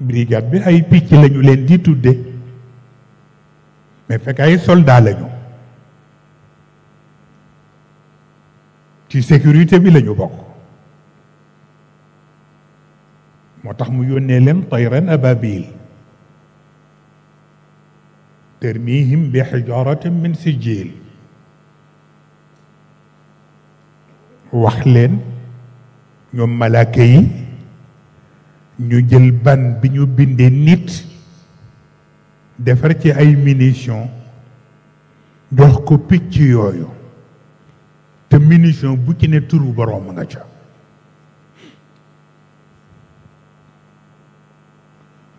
brigade bi ay picc lañu leen di tudde mais fekk ay soldat lañu ci sécurité bi lañu bokk moo tax mu yónnee leen tayran ababil termihim bi xijaratin min sijil wax leen ñoom malaaka yi ñu jël ban bi ñu bindee nit defar ci ay munition jox ko picc yooyu te munition bu ci ne turu boroom nga ca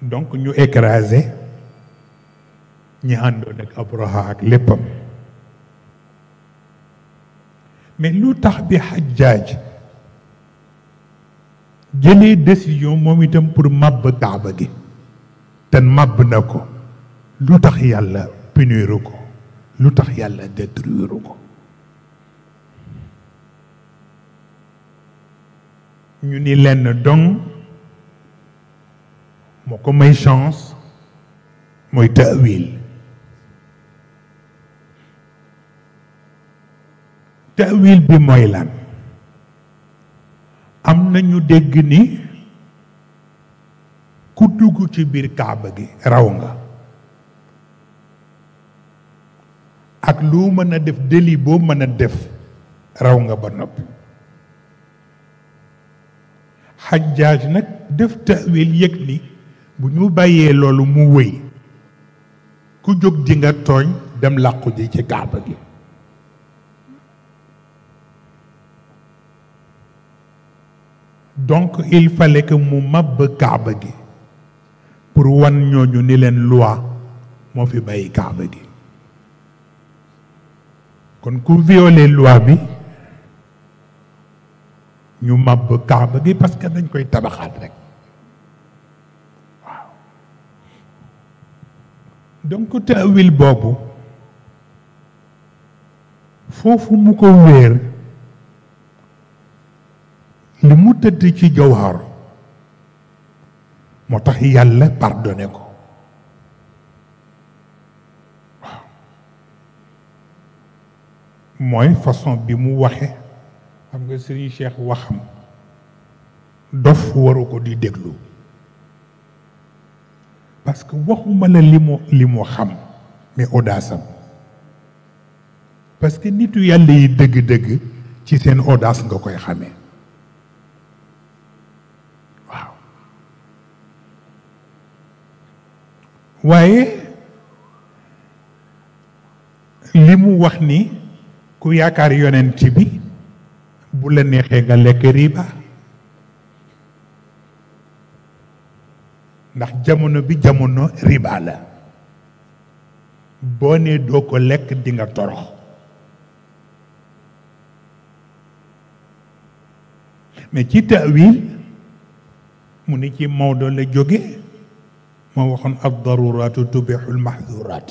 donc ñu écrasé ñi àndoon ak Abraha ak léppam mais lu tax bi Hajjaaj jëlee décision moom itam pour màbb kaaba gi te màbb na ko lu tax yàlla puniru ko lu tax yàlla détruiru ko ñu ni lenn dong moo ko may chance mooy taawil taawil bi mooy lan am na ñu dégg ni ku dugg ci biir kaaba gi raw nga ak lu mën a def déli boo mën a def raw nga ba noppi xajjaaj nag def tawil yëg ni bu ñu bàyyee loolu mu wéy ku jóg di nga tooñ dem làqu ji ci kaaba gi donc il fallait que mu màbb kaaba gi pour wan ñooñu ni leen loi moo fi bàyyi kaaba gi kon ku violer loi bi ñu màbb kaaba gi parce que dañ koy tabaxaat rek waaw donc taawil boobu foofu mu ko wéer li mu tëdd ci jawhar moo tax yàlla pardonné ko waaw mooy façon bi mu waxe xam nga sëriñ Cheikh waxam dof waru ko di déglu parce que waxuma la li mu li mu xam mais audace am parce que nitu yàlla yi dëgg-dëgg ci seen audace nga koy xamee waaye li mu wax ni ku yaakaar yonent bi bu la neexee nga lekk riba ndax jamono bi jamono riba la boo nee doo ko lekk dinga nga torox mais ci taawil mu ni ci Maodo la jóge moo waxoon ad daruratu tubixu lmaxdurat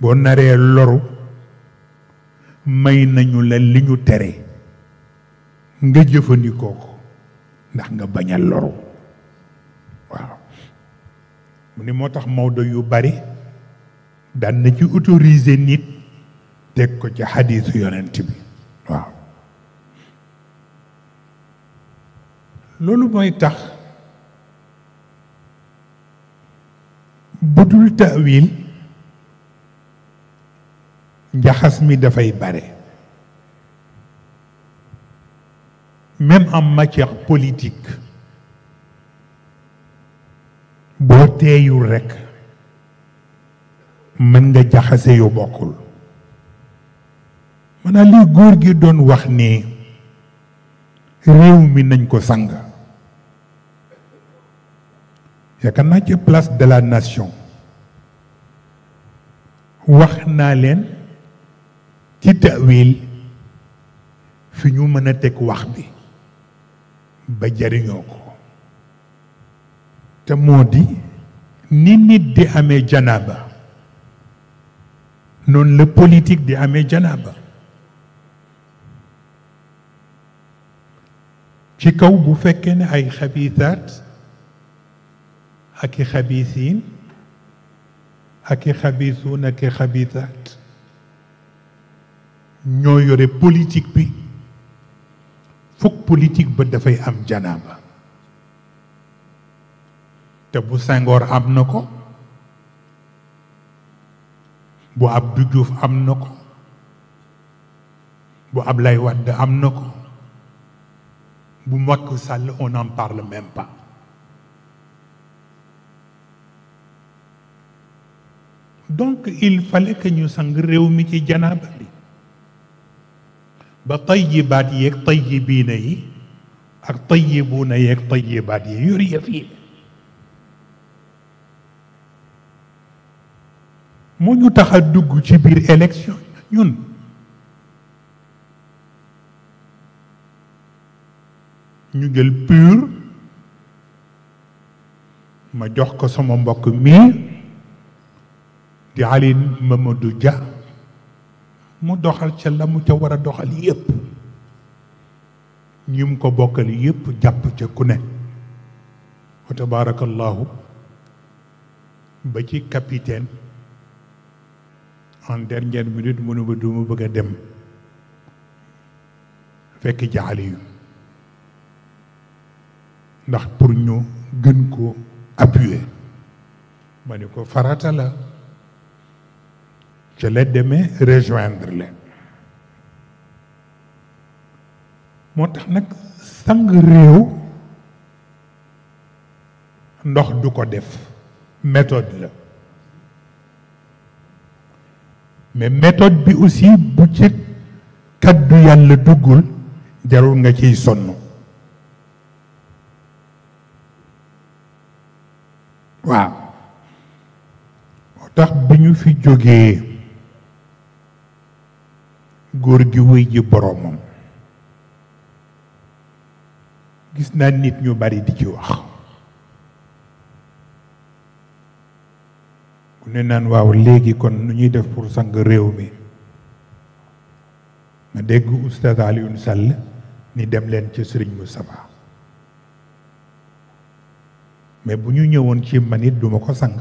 boo naree loru may nañu la li ñu tere nga jëfandikoo ko ndax nga baña a loru waaw mu ni moo tax Maodo yu bari daan na ci autoriser nit teg ko ci xadiisu yonent bi waaw loolu mooy tax budul taawil jaxas mi dafay bare même am matière politik boo teeyul rekk mën nga jaxase yu bokkul maanaam góor gi doon wax nii réew mi nañ ko sang yaakaar naa ci place de la nation wax naa leen ci tawil fi ñu mën a teg wax bi ba jariñoo ko te moo di ni nit di amee janaaba noonu la politique di amee janaaba ci kaw bu fekkee ne ay xabiisaat ak i xabiisiin ak i xabiisuun ak i xabiisaat ñoo yore politique bi fokk politique ba dafay am janaaba te bu Senghor am na ko bu Abdou Diouf am na ko bu Ablaye Wade am na ko bu Macky Sall on n'en parle même pas donc il fallait que ñu sang réew mi ci janaaba ba tayyibaat ak tayyibiina yi ak tayyibuuna yeeg tayyibaat yi yor yëf yi moo ñu tax a dugg ci biir élection ñun ñu jël pur ma jox ko sama mbokk mii di Aline Mamadou Dia mu doxal ca la mu ca war a doxal yépp ñi ko bokkal yépp jàpp ca ku ne wa tabarakallahu ba ci capitaine en dernière minute mënu ba duma bëgg a dem fekk jaali ndax pour ñu gën ko appuyer ma ni ko farata la ca la demee rejoindre leen moo tax nag sang réew ndox du ko def méthode la mais métode bi aussi bu ci kaddu yàlla duggul jarul nga ciy sonn waaw moo tax bi ñu fi jógee góor gi wéy ji boroomam gis naa nit ñu bari di ci wax ku ne naan waaw léegi kon nu ñuy def pour sang réew mi ma dégg Oustaz Alioune Sall ni dem leen ci Serigne Moustapha mais bu ñu ñëwoon ci manit duma ko sang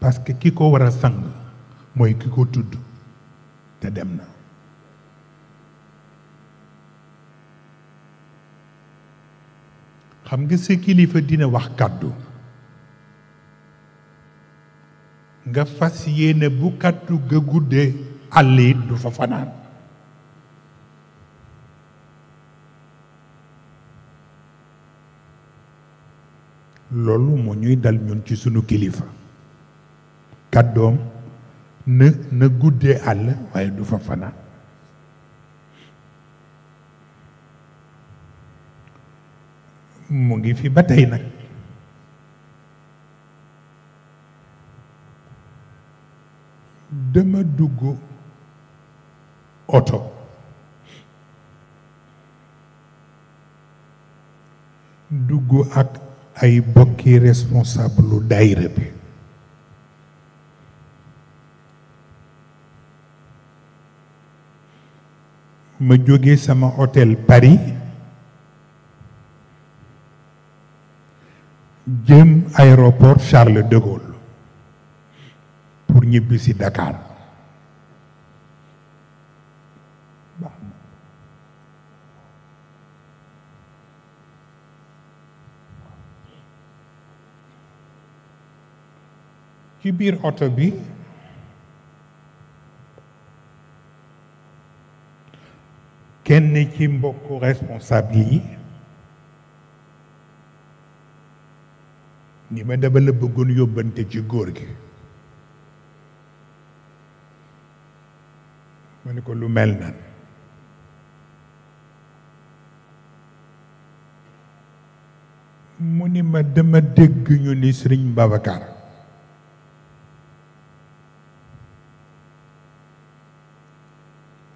parce que ki ko war a sang mooy ki ko tudd te dem na xam nga sa kilifa dina wax kàddu nga fas yéene bu kàddu ga guddee àll it du fa fanaan loolu moo ñuy dal ñun ci sunu kilifa kàddoom na na guddee àll waaye du fa fanaan mu ngi fi ba tey nag dama dugg oto dugg ak ay bokki responsable lu daayira bi ma jóge sama hôtel Paris jëm aéroport Charles de Gaulle pour ñibbi si Dakar ci biir oto bi kenn ci mbokk responsable yi ni ma dama la bëggoon yóbbante ci góor gi ma ne ko lu mel nan mu ni ma dama dégg ñu ni Sëriñ Babacar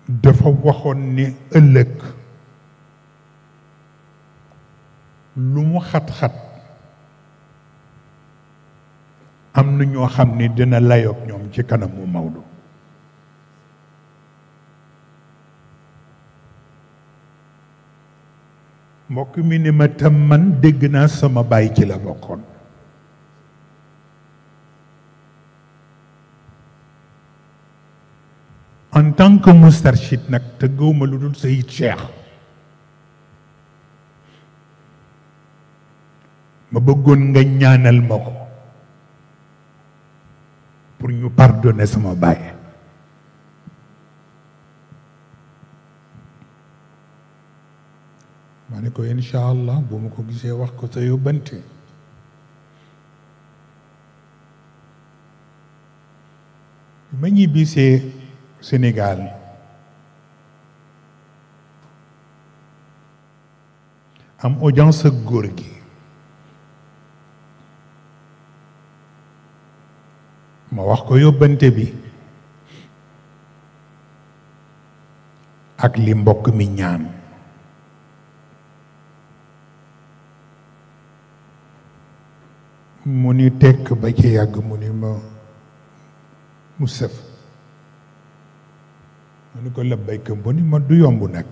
dafa waxoon ni ëllëg lu mu xat-xat am na ñoo xam ni dina layoog ñoom ci kanamu Maodo mbokk mi ni ma tam man dégg naa sama baay ci la bokkoon en tant que nag te gëwma lu dul sayid cheikh ma bëggoon nga ñaanal ma ko pour ñu pardonner sama baay ma ne ko incha allah bu ma ko gisee wax ko sa yóbbante ma ñibbisee Sénégal am audience ak góor gi ma wax ko yóbbante bi ak li mbokk mi ñaan mu ni tekk ba ci yàgg mu ni ma mu sëf ma ko labbayka mu ni ma du yomb nag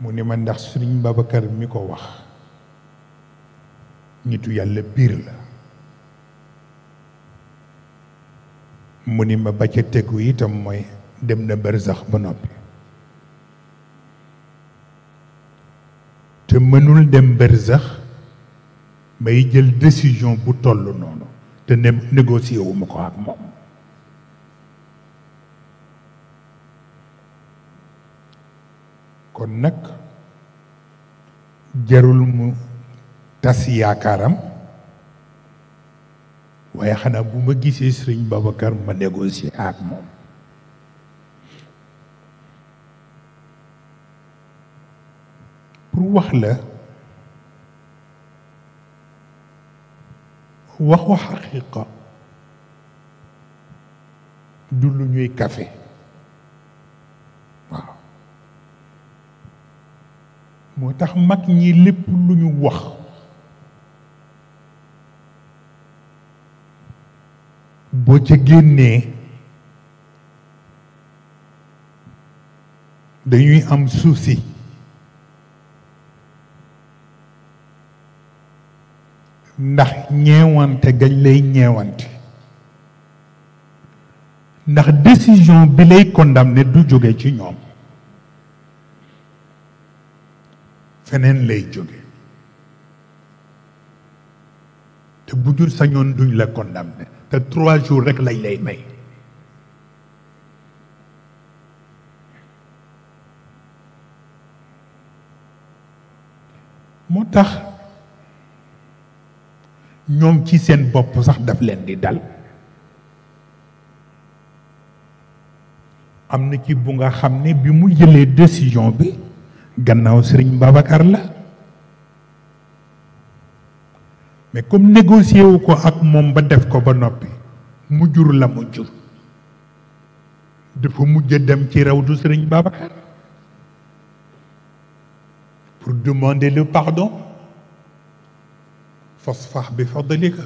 mu ni ma ndax Sëriñ Babacar mi ko wax nitu yàlla biir la mu ni ma ba ca tegu itam mooy dem na barsax ba noppi te mënul dem barsax may jël décision bu toll noonu te né négocié ko ak moom kon nag jarul mu tas yaakaaram waaye xanaa bu ma gisee sëriñ Babacar ma négocié ak moom pour wax la waxu xaqiqa du lu ñuy kafe waaw moo tax mag ñi lépp lu ñu wax boo ca génnee dañuy am souci ndax ñeewante gañ lay ñeewante ndax décision bi lay condamné du jóge ci ñoom feneen lay jóge te bu jul sañoon duñ la condamné te trois jours rekk lañ lay may tax ñoom ci seen bopp sax daf leen di dal am na ci bu nga xam ne bi mu jëlee décision bi gannaaw sëriñ Babacar la mais comme négocié ko ak moom ba def ko ba noppi mu jur la mu jur dafa mujj dem ci raw du sëriñ Babacar pour demander le pardon fasfax bi fadlika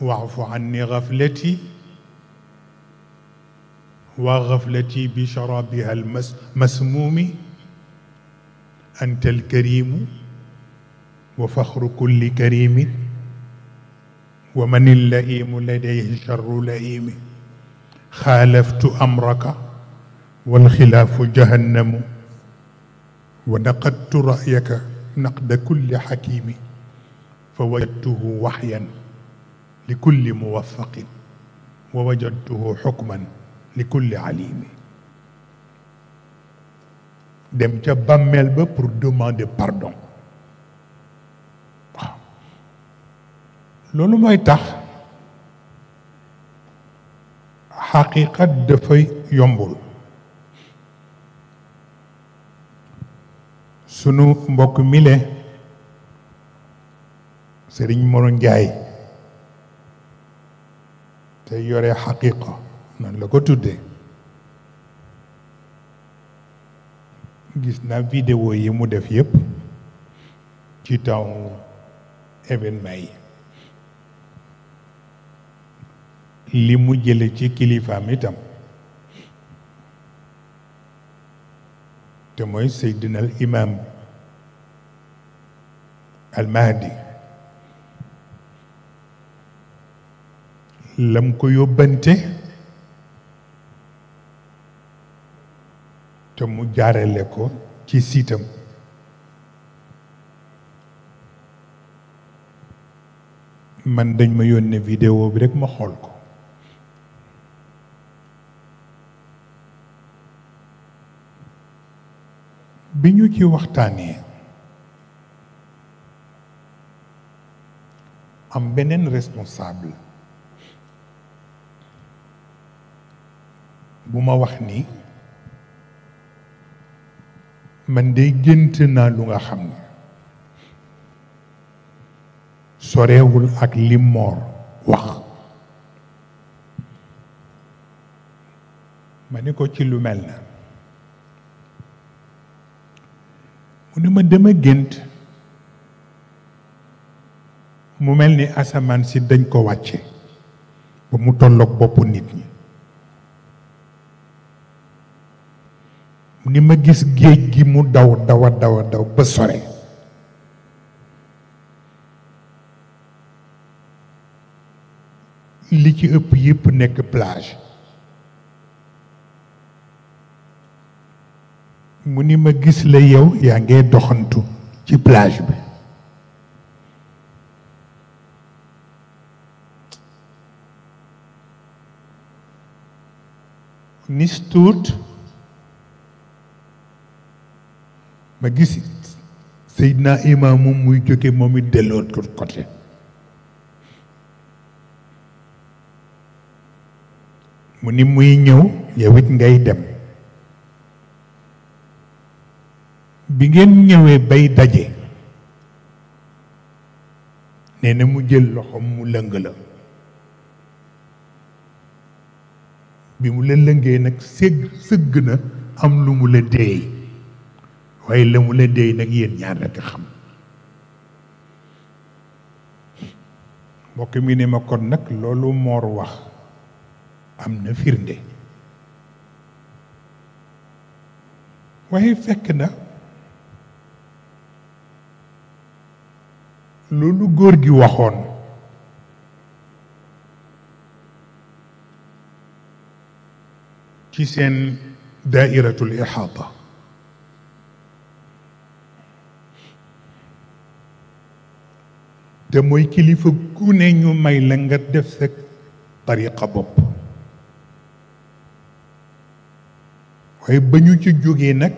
waafu anni gaflati wa gaflati bi sharabiha almasmuumi anta alkarimu wa faxru kulli karimin wa man illaimu ladayhi charru laimi xaalaftu amraka walxilaafu jahannamu wa naqadtu rayaka naqda kulli xakimi fa wajadtuhu waxyan li kulli muwafaqin wa wajadtuhu xukman li alimi dem ca bàmmeel ba pour demander pardon waaw loolu mooy tax xaqiqa dafay yombul sunu mbokk mile sëriñ Moro Njaay te yore xaqiqa nan la ko tuddee gis na vidéo yi mu def yépp ci taw événement yi li mu jële ci kilifaam itam te mooy seydinal imaam almahdi lam ko yóbbante te mu jaarale ko ci siitam man dañ ma yónnee vidéo bi rekk ma xool ko bi ñu ci waxtaanee am beneen responsable bu ma wax ni man day gént naa lu nga xam ne sorewul ak li moor ma ni ko ci lu mel na mu ne ma dama gént mu mel ni asamaan si dañ ko wàcce ba mu tolloog boppu nit ñi ni ma gis géej gi mu daw dawa dawa daw ba sore li ci ëpp yëpp nekk plage mu ni ma gis la yow yaa ngay doxantu ci plage bi nicht tut. ma gis Seydina Imam muy jóge moom it delloo ko côté mu ni muy ñëw yow it ngay dem bi ngeen ñëwee bay daje nee na mu jël loxo mu lëng la bi mu la lëngee nag sëgg sëgg na am lu mu la deey waaye la mu la deey nag yéen ñaar rekk xam mbokk mi ne ma kon nag loolu moor wax am na firnde waaye fekk na loolu góor gi waxoon ci seen daairatul ixaata te mooy kilifa gu ne ñu may la nga def sa tariqa bopp waaye ba ñu ci jógee nag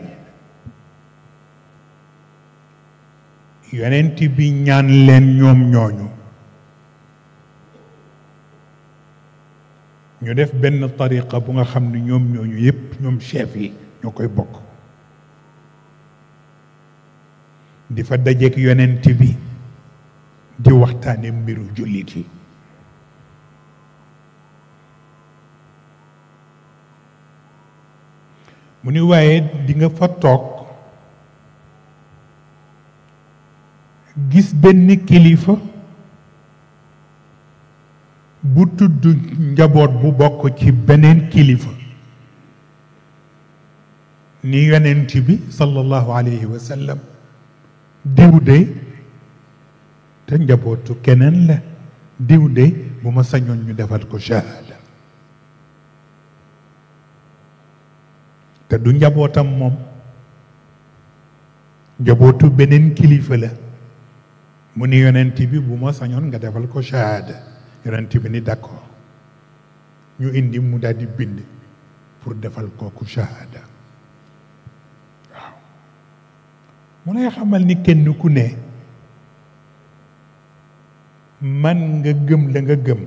yonent bi ñaan leen ñoom ñooñu ñu def benn tariqa bu nga xam ne ñoom ñooñu yëpp ñoom chef yi ñoo koy bokk di fa dajeek yonent bi di waxtaane mbiru jullit yi mu ni waaye di fa toog gis benn kilifa bu tudd njaboot bu bokk ci beneen kilifa ni yonent bi sallallahu alayhi wa sallam diw de te njabootu keneen la diw de bu ma sañoon ñu defal ko shahada te du njabootam moom njabootu beneen kilifa la mu ni yonent bi bu ma sañoon nga defal ko shahada yonent bi ni d'accord ñu indi mu daal di bind pour defal kooku shahada waaw mu lay xamal ni kenn ku ne man nga gëm la nga gëm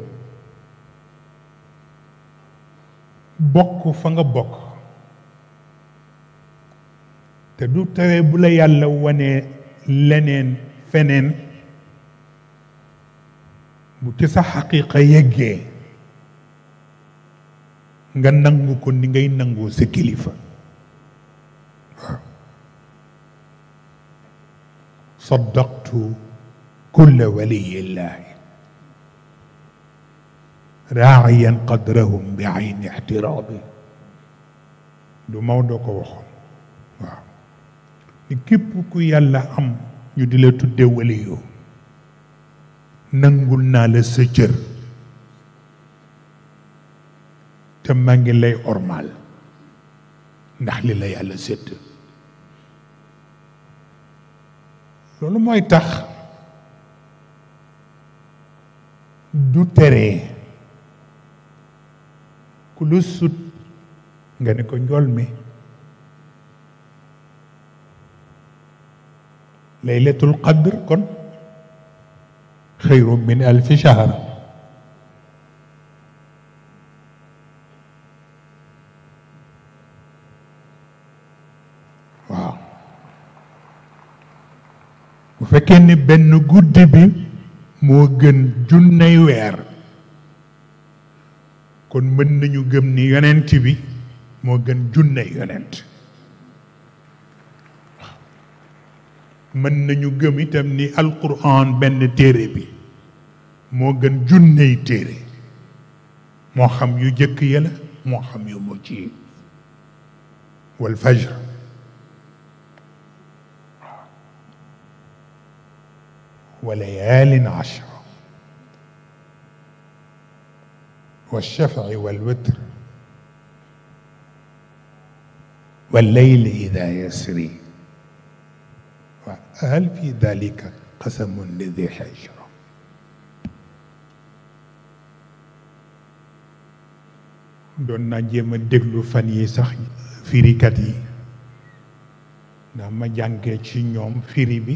bokk fa nga bokk te du tere bu la yàlla wanee leneen feneen bu ci sa xaqiqa yeggee nga nangu ko ni ngay nangoo sa kilifa waaw saddaqtu kulla waliyillaahi raaciyan qadrahum bi ayni ixtiraabi du Maodo ko waxoon waaw ni ku yàlla am ñu di la tudde waliyoo nangul naa la sa cër te maa lay ormaal ndax li la yàlla sédd loolu mooy tax du tere ku lu sut nga ne ko njool mi laylatul qadr kon xayru min alfi shahra waaw bu fekke ni benn guddi bi moo gën junney weer kon mën nañu gëm ni yonent bi moo gën junney yonent mën nañu gëm itam ni alquran benn téere bi moo gën junney téere moo xam yu jëkk ya la moo xam yu mujj yi wal fajr wa layaalin ashr wa shafi wal witr wal layli idaa yasri waaw hal fi dalika qasamun li di xijra doon naa jéem a déglu fan yi sax firikat yi ndax ma jàngee ci ñoom firi bi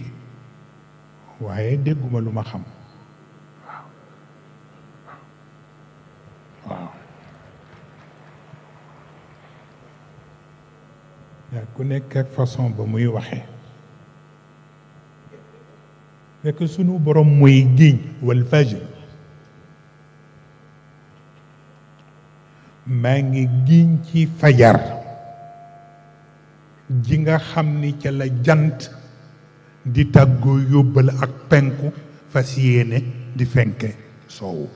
waaye dégguma lu ma xam waaw ku nekk ak façon ba muy waxee nekk sunu borom mooy géej wal fajr maa ngi giñ ci fajar ji nga xam ni ca la jant di tàggoo yóbbale ak penku fas yéene di fenke soowu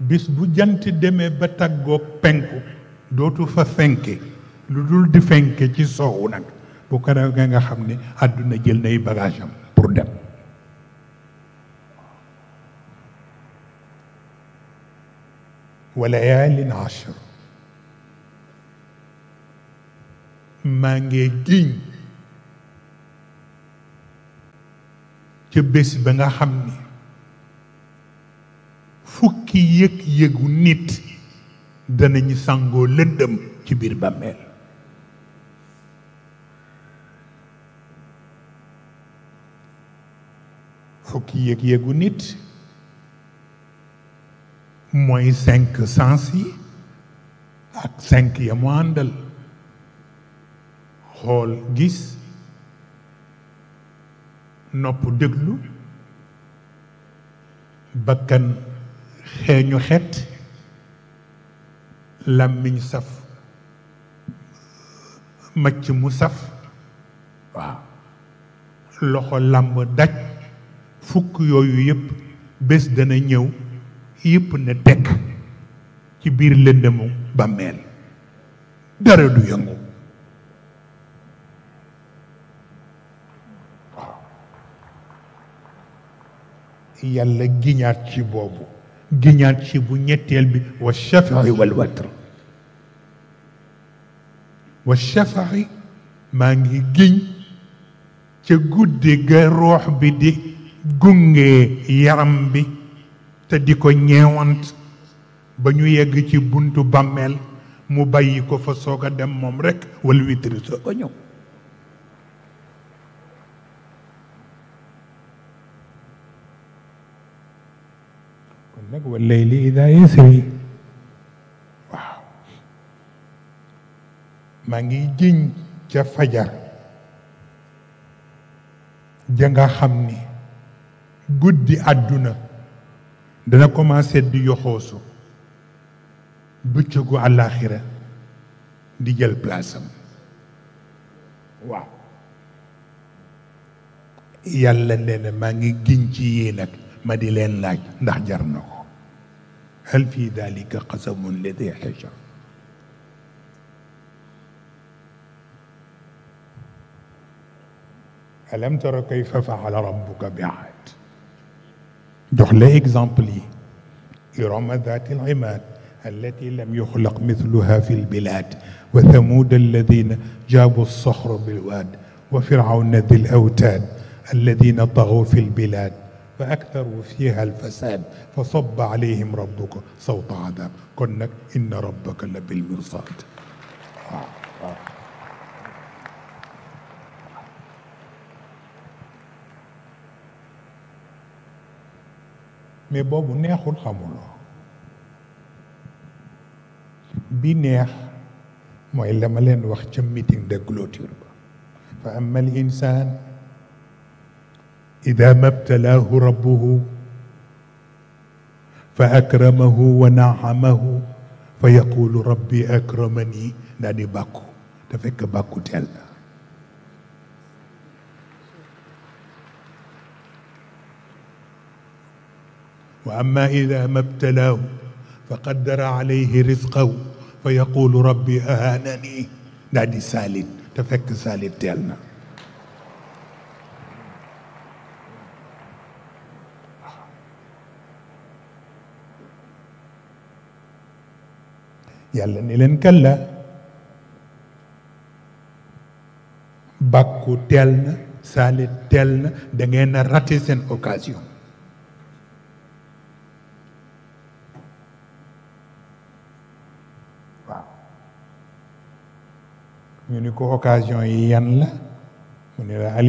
bis bu jant demee ba tàggoog penku dootu fa fenke lu dul di fenke ci soowu nag bu ko defee nga xam ni àdduna jël nay bagage pour dem wa layaalin ashr maa ngi giñ ca bés ba nga xam ni fukki yëg-yëgu nit danañu sangoo lëndëm ci biir bàmmeel fukki yëg-yëgu nit mooy cinq sens yi ak cinq ya mu àndal xool gis noppu déglu bakkan xeeñu xet làmmiñ saf macc mu saf waaw loxo làmb daj fukk yooyu yépp bés dana ñëw yépp na teg ci biir lëndëmu bàmmeel dara du yëngu waaw yàlla giñaat ci boobu giñaat ñetteel bi wa shafai maa ngi giñ ca guddi ga roox bi di gunge yaram bi te di ko ñeewant ba ñu yegg ci buntu bàmmeel mu bàyyi ko fa soog a dem moom rekk wal witri soog a ñëw nag wa layli ida yasri waaw maa ngi giñ ca fajar ja nga xam ni guddi àdduna dana commencé di yoxoosu bëccëgu àllaaxira di jël place am waaw yàlla nee maa ngi giñ ci yéen ma di leen laaj ndax jar na ko hal fi dalika qasamun li di xijr alam tara kayfa faala rabbuka bi aad jox la exemple yi irama dati limaad allati lam yuxlaq mithluha fi lbilad wa thamuda alladina jaabu alsoxra bilwaad wa firawna di lawtaad alladina taxaw fi lbilad فأكثروا فيها الفساد فصب عليهم ربك صوت عذاب kon nag inna rabbaka la bil mirsaad mais boobu neexul xamuloo bi neex mooy la ma leen wax ca meeting de clôture ba fa amal insaan إذا ما ابتلاه ربه فأكرمه ونعمه فيقول ربي أكرمني daa di bàkku te fekk bàkku teel na wa amma ida ma btalaahu fa qaddara alayhi risqahu fa yaqulu rabbi ahanani daa di saalit te fekk saalit teel na yàlla ni leen këlla bakku teel na saali teel na da ngeen a seen occasion waaw ñu ni ko occasion yi yan la mu ne la al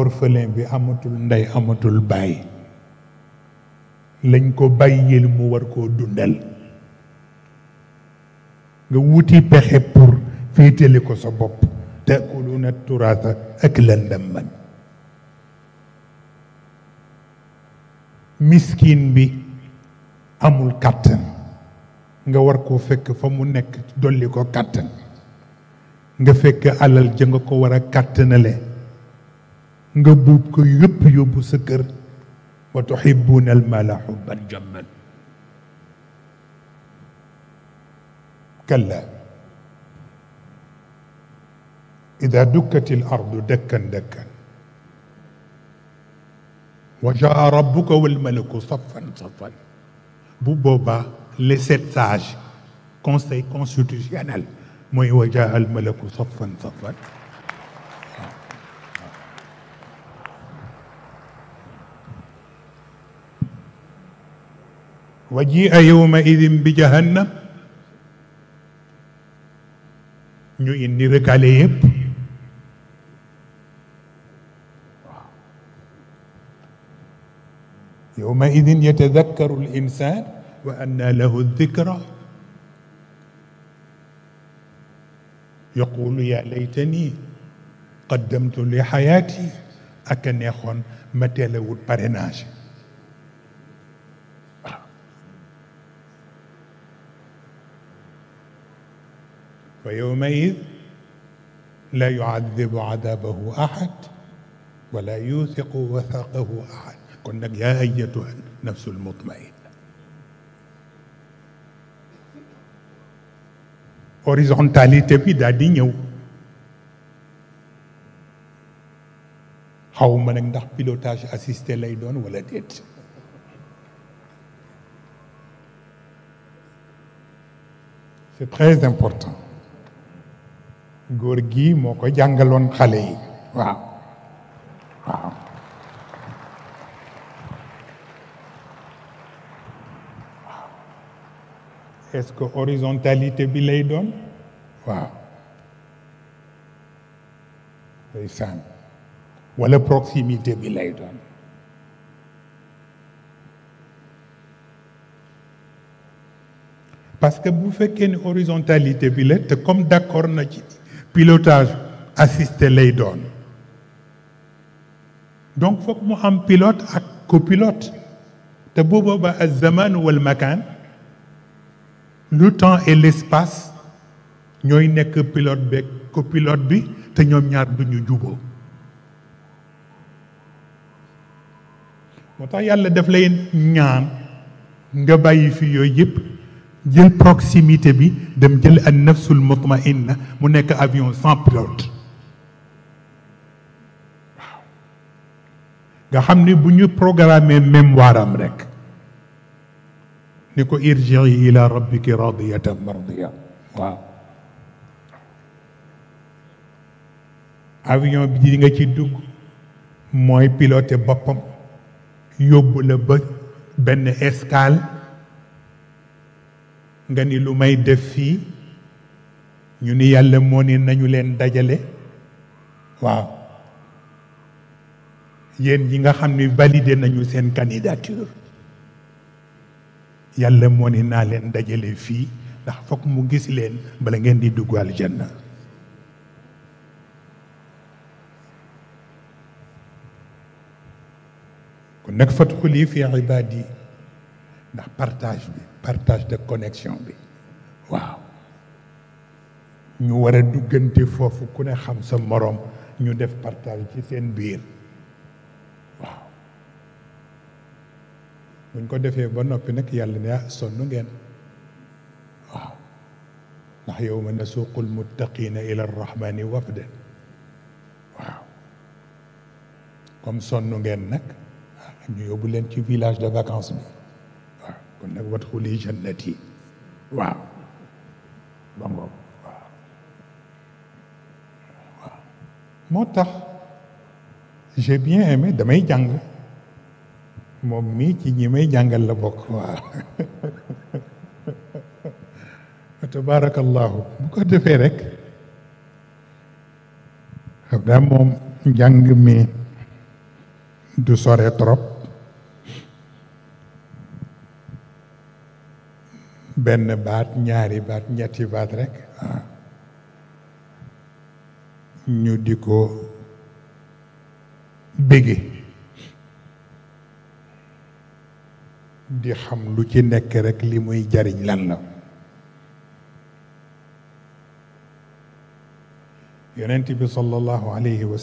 orphelin bi amatul ndey amatul bàyyi lañ ko bàyyil mu war koo dundal nga wuti pexe pour féetale ko sa bopp taakuluuna turaasa aklan lamman miskin bi amul kàttan nga war koo fekk fa mu nekk dolli ko kàttan nga fekk alal ja nga ko war a kàttanale nga buub ko yëpp yóbbu sa kër wa tuhibuuna almala xubban jamman kalla ida dukkat alardu dakkan dakkan wa jaa rabbuka walmalaku safan safan bu boobaa les sept sages conseil constitutionnel mooy wa jaa almalaku safan safan waji'a yawmaidin bi jahannam ñu indi recalé yépp yawmaidin yatadakkaru al insan wa anna lahu dhikra yaqulu ya laytani qaddamtu li xayaati ak a neexoon ma teel a wut parrainage فيومئذ لا يعذب عذابه احد ولا يوثق وثاقه احد kon nag yaa ayyatuha nafsul mutmainna horizontalité bi daal di ñëw xaw ma nag ndax pilotage assisté lay doon wala déet c'est très important góor gi moo ko jàngaloon xale yi waaw waaw est-ce que horizontalité bi lay doon waaw wala proximité bi lay doon parce que bu fekkee ni horizontalité bi la te comme d'accord na ci pilotage assisté lay doon donc foog mu am pilot ak copilote te bu booba ak zaman wal lu temps et l'espace ñooy nekk pilote beeg copilote bi te ñoom ñaar duñu juboo moo tax yàlla daf lay ñaan nga bàyyi fi yooyu yëpp jël proximité bi dem jël an nafsul mutmainna mu nekk avion sans pilote nga xam ni bu ñu programmé mémoire am rek ni ko irjii ila rabbiki radiyatan mardiya avion bi di nga ci dugg mooy piloté boppam yóbbu la ba benn escale nga ni lu may def fii ñu ni yàlla moo ni nañu leen dajale waaw yéen yi nga xam ni validé nañu seen candidature yàlla moo ni naa leen dajale fii ndax fokk mu gis leen bala ngeen di dugg aljanna kon nag fatxuli fi ibaadi ndax partage bi partage de connexion bi waaw ñu wara a duggante foofu ku ne xam sa moroom ñu def partage ci seen biir waaw buñ ko defee ba noppi nag yàlla ne ah sonn ngeen waaw ndax yawma nasuuqul muttaqiina ila arrahmani wafdan waaw comme sonn ngeen nag ah, ñu yóbbu leen ci village de vacances kon nag wat xuli jannati moo tax j'ai bien aimé damay jàng moom mii ci ñi may jàngal la bokk waaw tabarakallahu bu ko defee rek xam naa moom njàng mi du sore trop benn baat ñaari baat ñetti baat rek ah. ñu di ko bége di xam lu ci nekk rekk li muy jariñ lan la yonent bi sallallahu alayhi wa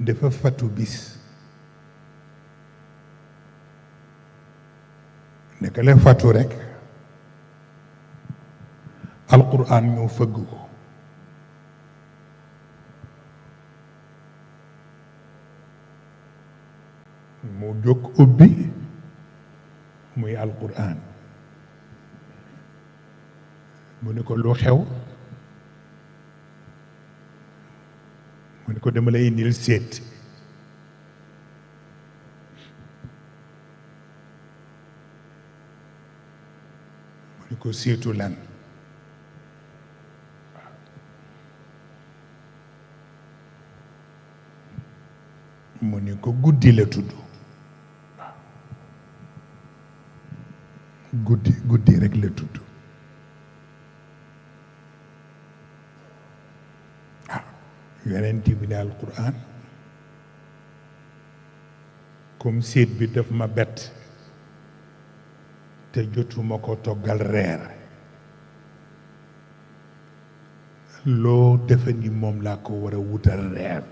dafa fatu bis ne que leen fàttu rek alquran ñoo fëgg ko mu jóg ubbi muy alquran mu ne ko lu xew mu ne ko dama lay indil séet ko seetu lan mu ni ko guddi la tudd guddi guddi rek la tudd waaw ah, yonent bi daal Quraan comme seet bi daf ma bett te jotuma ko toggal reer loo defe ni moom laa ko war a wutal reer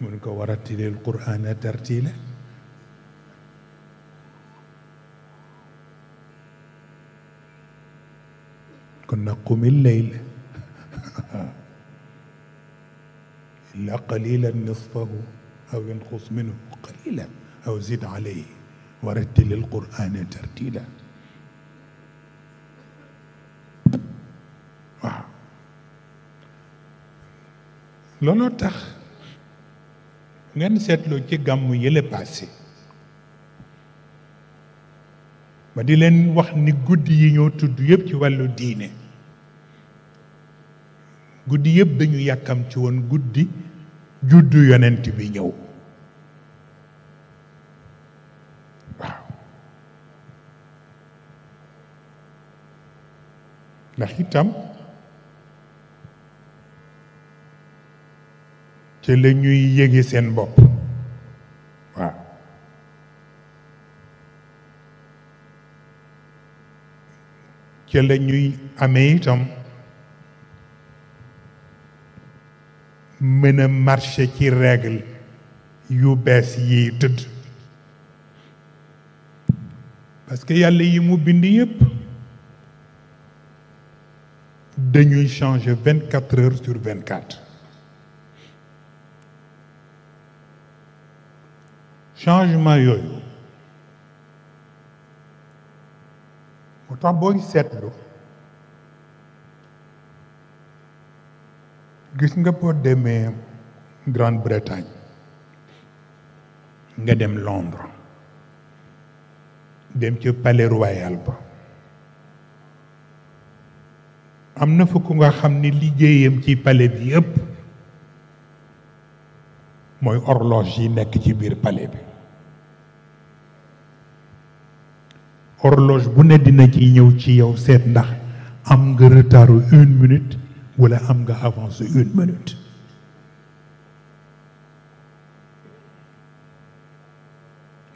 mun ko war a tileel qur'aana tartiila kon na qumil leyl illa qalilan nisfahu aw inqus minhu qalilan aw zid alayhi ورتل القرآن ترتيلا waaw looloo tax ngeen seetloo ci gàmmu yële passé ma di leen wax ni guddi yi ñoo tudd yëpp ci wàllu diine guddi yëpp dañu yàkkamti woon guddi juddu yonent bi ñëw ndax itam ci la yége seen bopp waaw ci la ñuy amee itam mën a marché ci règle yu bees yi tëdd parce que yàlla yi mu bind yépp dañuy changer vingt quatre heures sur changement yooyu moo tax booy seetlu gis nga boo demee Grande-Bretagne nga dem Londres dem ci palais royal ba am na fa ku nga xam ni liggéeyam ci palais bi yëpp mooy horloge yi nekk ci biir palais bi horloge bu ne dina ci ñëw ci yow seet ndax am nga retardu une minute wala am nga avance une minute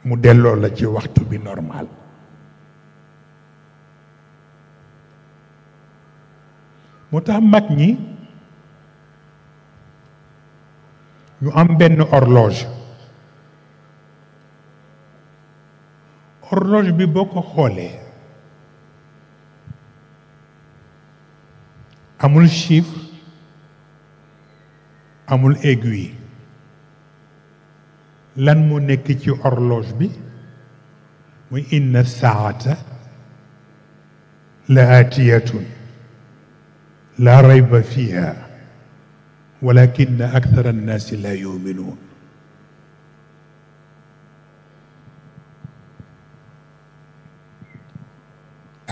mu delloo la ci waxtu bi normal mu tax mag ñi yu am benn orloge horloge bi boo ko xoolee amul chiffre amul aiguille lan mu nekk ci horloge bi muy inna saata la aatiyatun laa rayba fiha walakin akthar annaasi laa yuminuun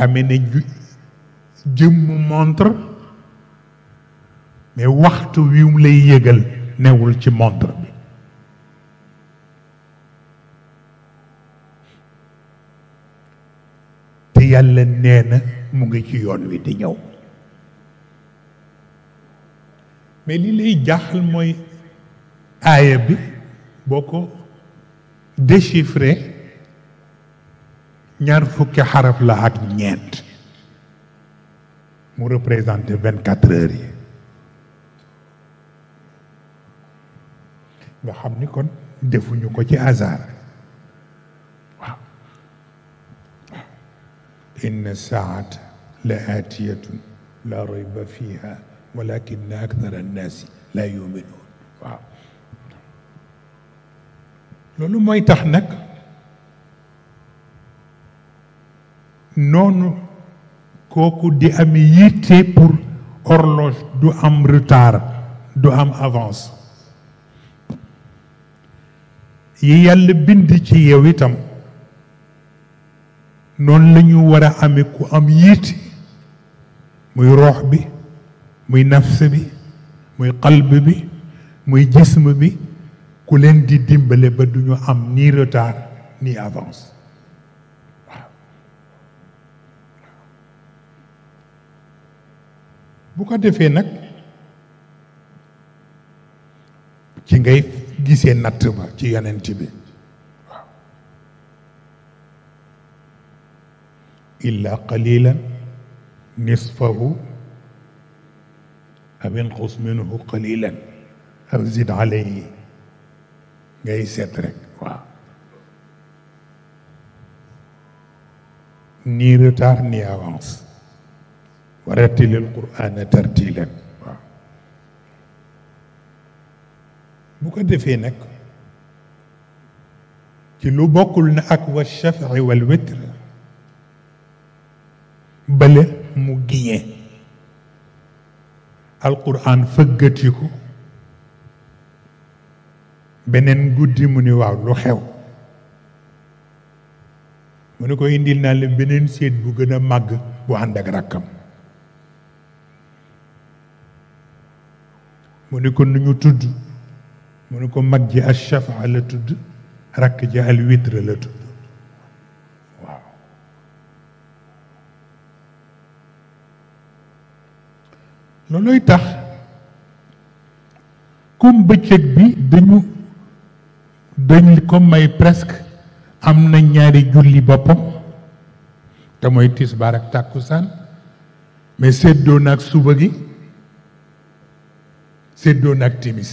amee na jëmmu montre mais waxtu wi mu lay yëgal newul ci montre bi te yàlla nee na mu ngi ci yoon wi di ñëw mais li lay jaaxal mooy aaya bi boo ko déchiffré ñaar fukki xarab la ak ñeent mu représenté vingt quatre heures yi nga xam ni kon defuñu ko ci hasard waaw waaw inna la aatiyatun la rayba fiha walakin akthara annaasi laa yuminuun loolu mooy tax nag noonu kooku di am yitte pour horloge du am retard du am avance yi yàlla bind ci yow noon noonu la ñu war ku am yitte muy roox bi muy nafs bi muy qalb bi muy jism bi ku leen di dimbale ba du ñu am ni retard ni avance bu ko defee nag ci ngay gisee natt ba ci yonent bi waaw illa qalilan nisfahu aw inqus minhu qalilan aw zid alayhi ngay seet rek waaw ni retard ni avance wa rattilil qur'ana tartilan waaw bu ko defee nag ci lu bokkul na ak wa shafi wal witr bële mu giñee alquran fëggati ko beneen guddi mu ni waaw lu xew mu ne ko indil naa la beneen séet bu gën a màgg bu ànd ak rakkam mu ne ko nu ñu tudd mu ne ko mag ji al shafaa la tudd rakk ji al witre la tudd loolooy tax comme bëccëg bi dañu dañ ko may presque am na ñaari julli boppam te mooy tisbaar ak tàkkusaan mais séddoo na ak suba gi séddoo na ak timis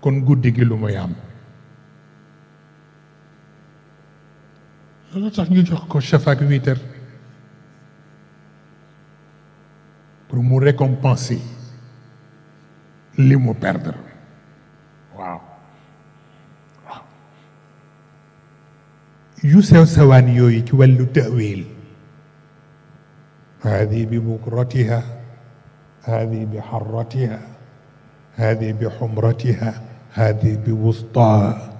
kon guddi gi lu muy am loolu tax ñu jox ko chef ak mu récompenser li mu perdre waaw waaw yu sew sewaan yooyu ci wàllu tawil hadi bi bukratiha hadi bi harratiha hadi bi humratiha hadi bi wustaha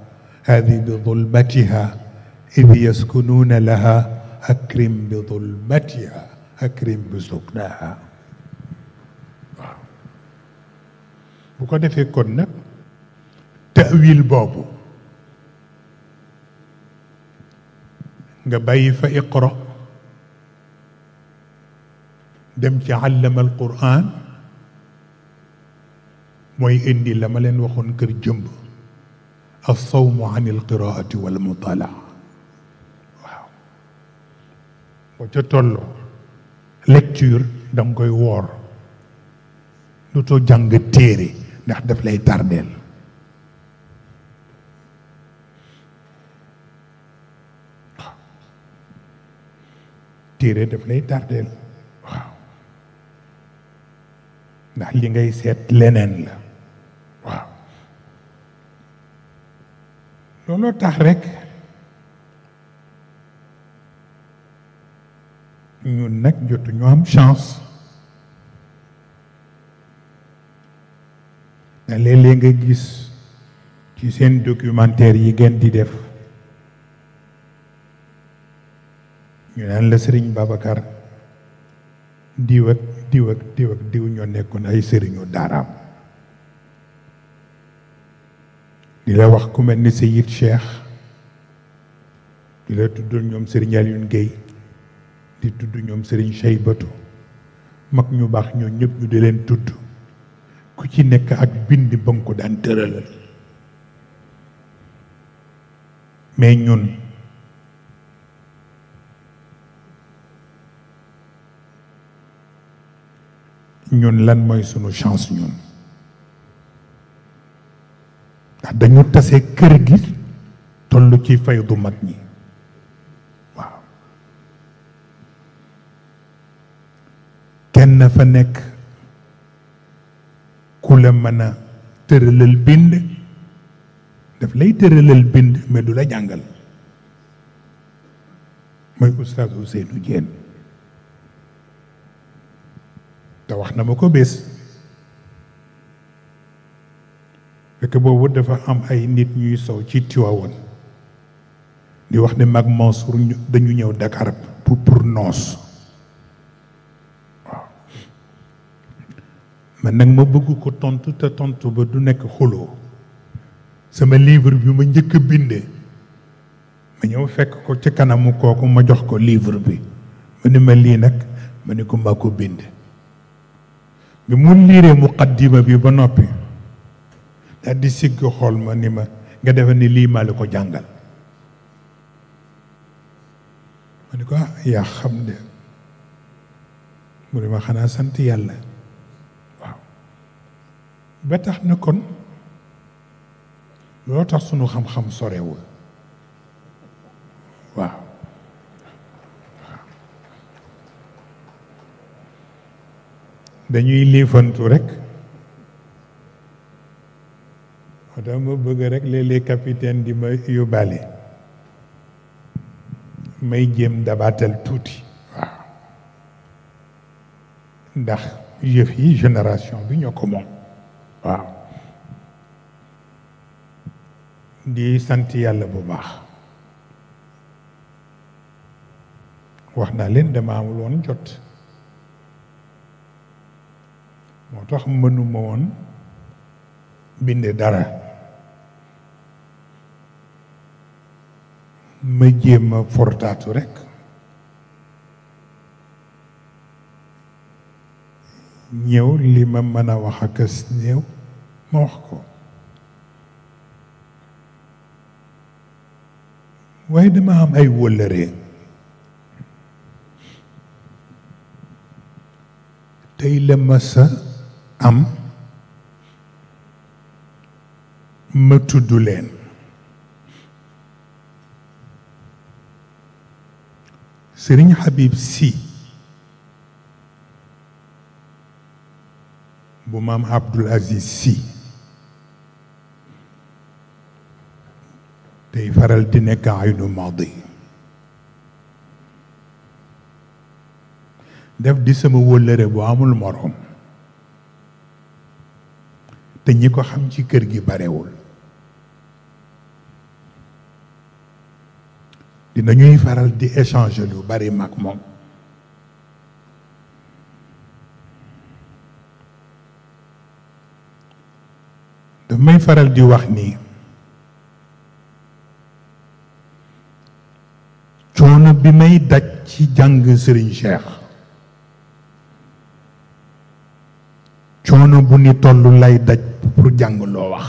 hadi bi dhulmatiha إذ يسكنون لها أكرم بظلمتها أكرم بسكناها waaw bu ko defee kon nag tawil boobu nga bàyyi fa iqra dem ci àllama alquran mooy indi la ma leen waxoon kër jëmb alsawmu an alqiraati walmutalaa boo ca tolloo lecture da koy woor lu too jàng téere ndax daf lay tardeel téere daf lay tardeel waaw ndax li ngay seet leneen la waaw looloo tax rekk ñun nag jotu ñu am chance da léeg nga gis ci seen documentaire yi ngeen di def ñu naan la sëriñ Babacar diw ak diw ak diw ak diw ñoo nekkoon ay sëriñu daaraam di la wax ku mel ni Seyid Cheikh di la tuddal ñoom sëriñ Alioune Guèye di tudd ñoom Serigne Cheybatu mag ñu baax ñoo ñëpp ñu di leen tudd ku ci nekk ak bind ba daan tëralal mais ñun ñun lan mooy sunu chance ñun ndax dañu tase kër gi toll ci faydu mag ñi kenn fa nekk ku la mën a tëralal bind daf lay tëralal bind mais du la jàngal mooy oustaz Ousseynou Dieng te wax na ma ko bés fekk boobu dafa am ay nit ñuy sow ci Tiwaawoon di wax ne mag Mansour dañu ñëw Dakar pour pour noos man nag ma bëgg ko tontu te tontu ba du nekk xuloo sama livre bi ma njëkk a bindee ma ñëw fekk ko ci kanamu kooku ma jox ko livre bi mu ni ma lii nag ma ni ko mbaa ko bind bi mu liiree muqaddima bi ba noppi daal di sigg xool ma ni ma nga defe ni lii maa ko jàngal ma ni ko ah yaa xam de mu ne ma xanaa sant yàlla ba tax na kon loo tax sunu xam-xam sorewul waaw dañuy liifantu rek dama bëgg rek léeg-léeg di ma yóbbaale may jéem dabaatal tuuti waaw ndax yëf yi génération bi ñëw ko moom waaw di sant yàlla bu baax wax naa leen dama amul woon jot moo tax mënuma woon bind dara ma jéem fortaatu rekk ñëw li ma mën a wax ak as néew ma wax ko waaye dama am ay wëllëre tey la ma sa am ma tudd leen Serigne Habib Sy bu maam Abdoul Aziz Sy tey faral di nekk aynu madi def di sama wóllëre bu amul morom te ñi ko xam ci kër gi barewul dinañuy faral di échanger yu bari mag moom daf may faral di wax nii coono bi may daj ci jàng sëriñ Cheikh coono bu ni toll lay daj pour jàng loo wax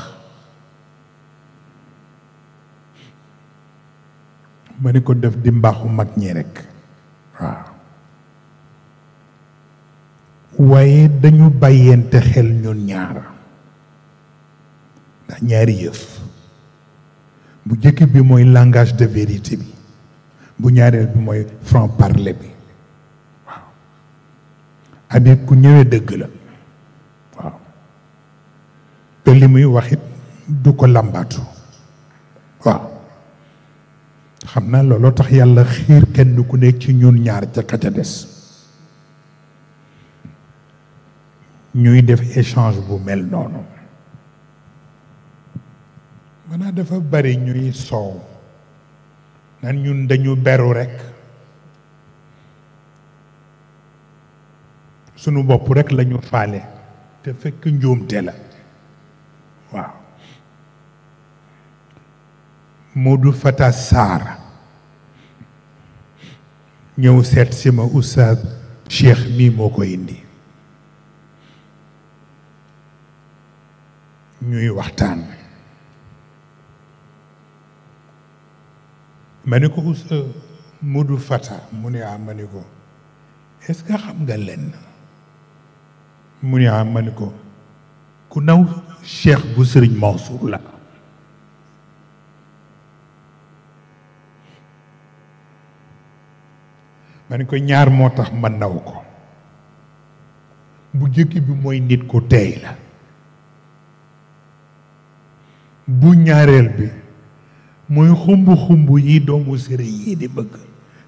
ma ne ko def di mbaaxu mag ñi rekk waaye dañu bàyyente xel ñun ñaar ndax ñaari yëf bu jëkk bi mooy langage de vérité bi bu ñaareel bi mooy franc parler bi waaw Habib ku ñëwee dëgg la waaw te li muy waxit du ko làmbaatu waaw xam naa looloo tax yàlla xiir kenn ku nekk ci ñun ñaar ca ka des ñuy def échange bu mel noonu xanaa dafa bari ñuy soow nan ñun dañu beru rekk sunu bopp rekk lañu fale te fekk njuumte la waaw Modou Fata Sarr ñëw seet si ma oustaz Cheikh mii moo ko indi ñuy waxtaan ma ni ko du Fata mu ne ah ma ni ko est-ce que xam nga lenn mu ne ah ma ni ko ku naw cheikh bu sëriñ Mansour la ma ni ko ñaar moo tax ma naw ko bu jëkk bi mooy nit ku teey la bu ñaareel bi mooy xumb-xumb yi doomu sëriñ yii di bëgg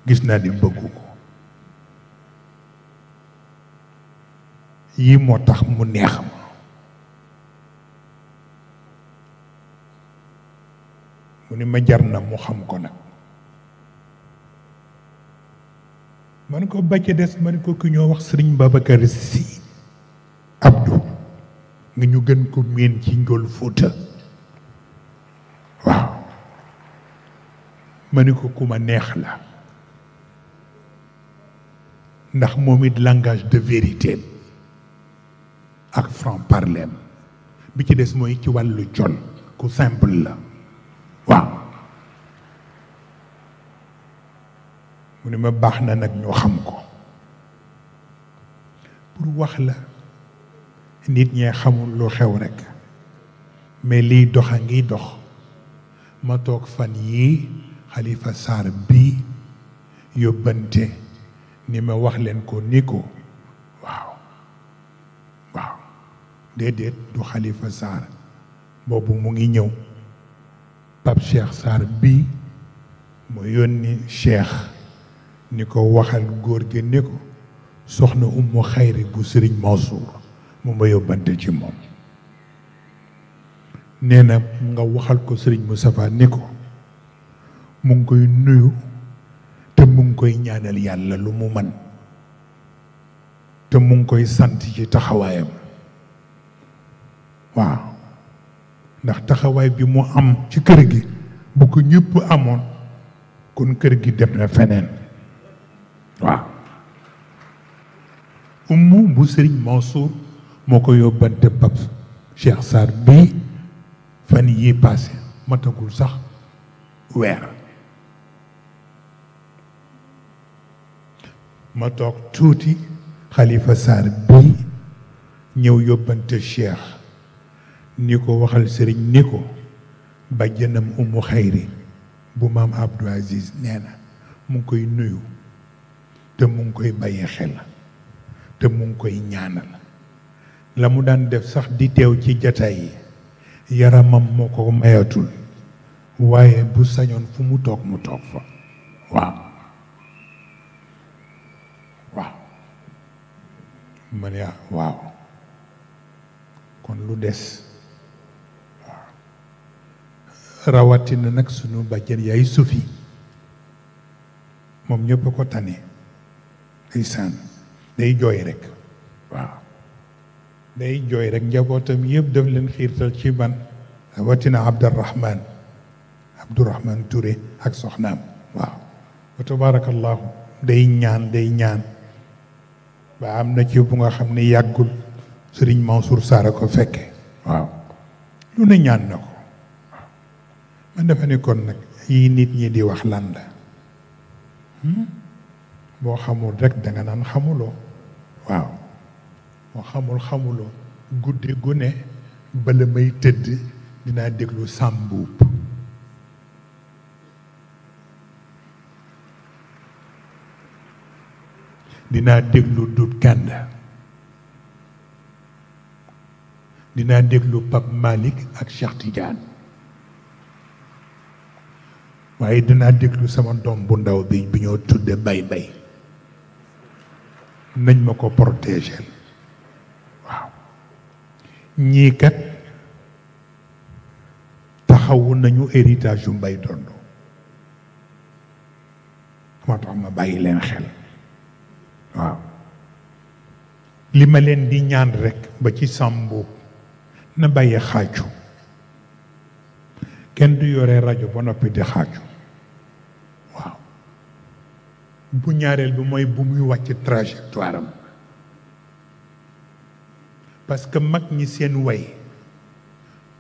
gis naa ni bëggu ko yi moo tax mu neex ma mu ni ma jar na mu xam ko nag man ko bàcce des man ko ki ñoo wax sëriñ Babacar Sy Abdou nga ñu gën ko miin ci njool Fuuta waaw ma ni ko ku ma neex la ndax moom it langage de vérité ak franc parler bi ci des mooy ci wàllu jol ku simple la waaw mu ne ma baax na nag ñoo xam ko pour wax la nit ñee xamul lu xew rekk mais liy dox a ngi dox ma toog fan yii xalifa Sarr bii yóbbante ni ma wax leen ko ni ko waaw waaw déedéet du xalifa Sarr boobu mu ngi ñëw Pape Cheikh Sarr bii mu yónni Cheikh ni ko waxal góor gi ni ko soxna Umu Xayri bu Sëriñ Mansour mu ma yóbbante ci moom nee na nga waxal ko Sëriñ Moustapha ni ko mu ngi koy nuyu te mu ngi koy ñaanal yàlla lu mu man te mu ngi koy sant ci taxawaayam waaw ndax taxawaay bi mu am ci kër gi bu ko ñëpp amoon kon kër gi dem na feneen waaw ummu bu sëriñ Mansour moo ko yóbbante Pape Cheikh Sarr bii fan yi passé matagul sax weer ma toog tuuti xalifa Sarr bii ñëw yóbbante cheikh ni ko waxal sëriñ ni ko ba jënam umu xayri bu maam Abdou Aziz nee na mu koy nuyu te mu koy bàyyi xel te mun koy ñaanal la mu daan def sax di teew ci jataay yi yaramam moo ko mayatul waaye bu sañoon fu mu toog mu toog fa waaw ma ne ah, waaw kon lu des waaw rawatina nag sunu bàjjen yaay sufi moom ñëpp ko tane day day jooy rek waaw day jooy rek njabootam yëpp daf leen xiirtal ci ban rawatina abdurrahman abdurrahman Touré ak soxnaam waaw wa day ñaan day ñaan ba am na ci bu nga xam ne yàggul sëriñ Mansour Sarr a ko fekke waaw lu ne ñaan na ko waaw man dafa ne kon nag yi nit ñi di wax lan la hmm? boo xamul rek danga naan xamuloo waaw boo xamul xamuloo guddi gu ne bala may tëdd dinaa déglu sàmbuub dinaa déglu Doudou Kane dinaa déglu Pape Malick ak Cheikh Tidiane waaye dinaa déglu sama doom bu ndaw bi bu ñoo tudd bay bay nañ ma ko protéger waaw ñii kat taxawu nañu héritage yu mbay dondo moo tax ma bàyyi leen xel waaw li ma leen di ñaan rekk ba ci sàmbu na bàyyi xaaju kenn du yore rajo ba noppi di xaaju waaw bu ñaareel bi mooy bu muy wàcc trajectoire am parce que mag ñi seen way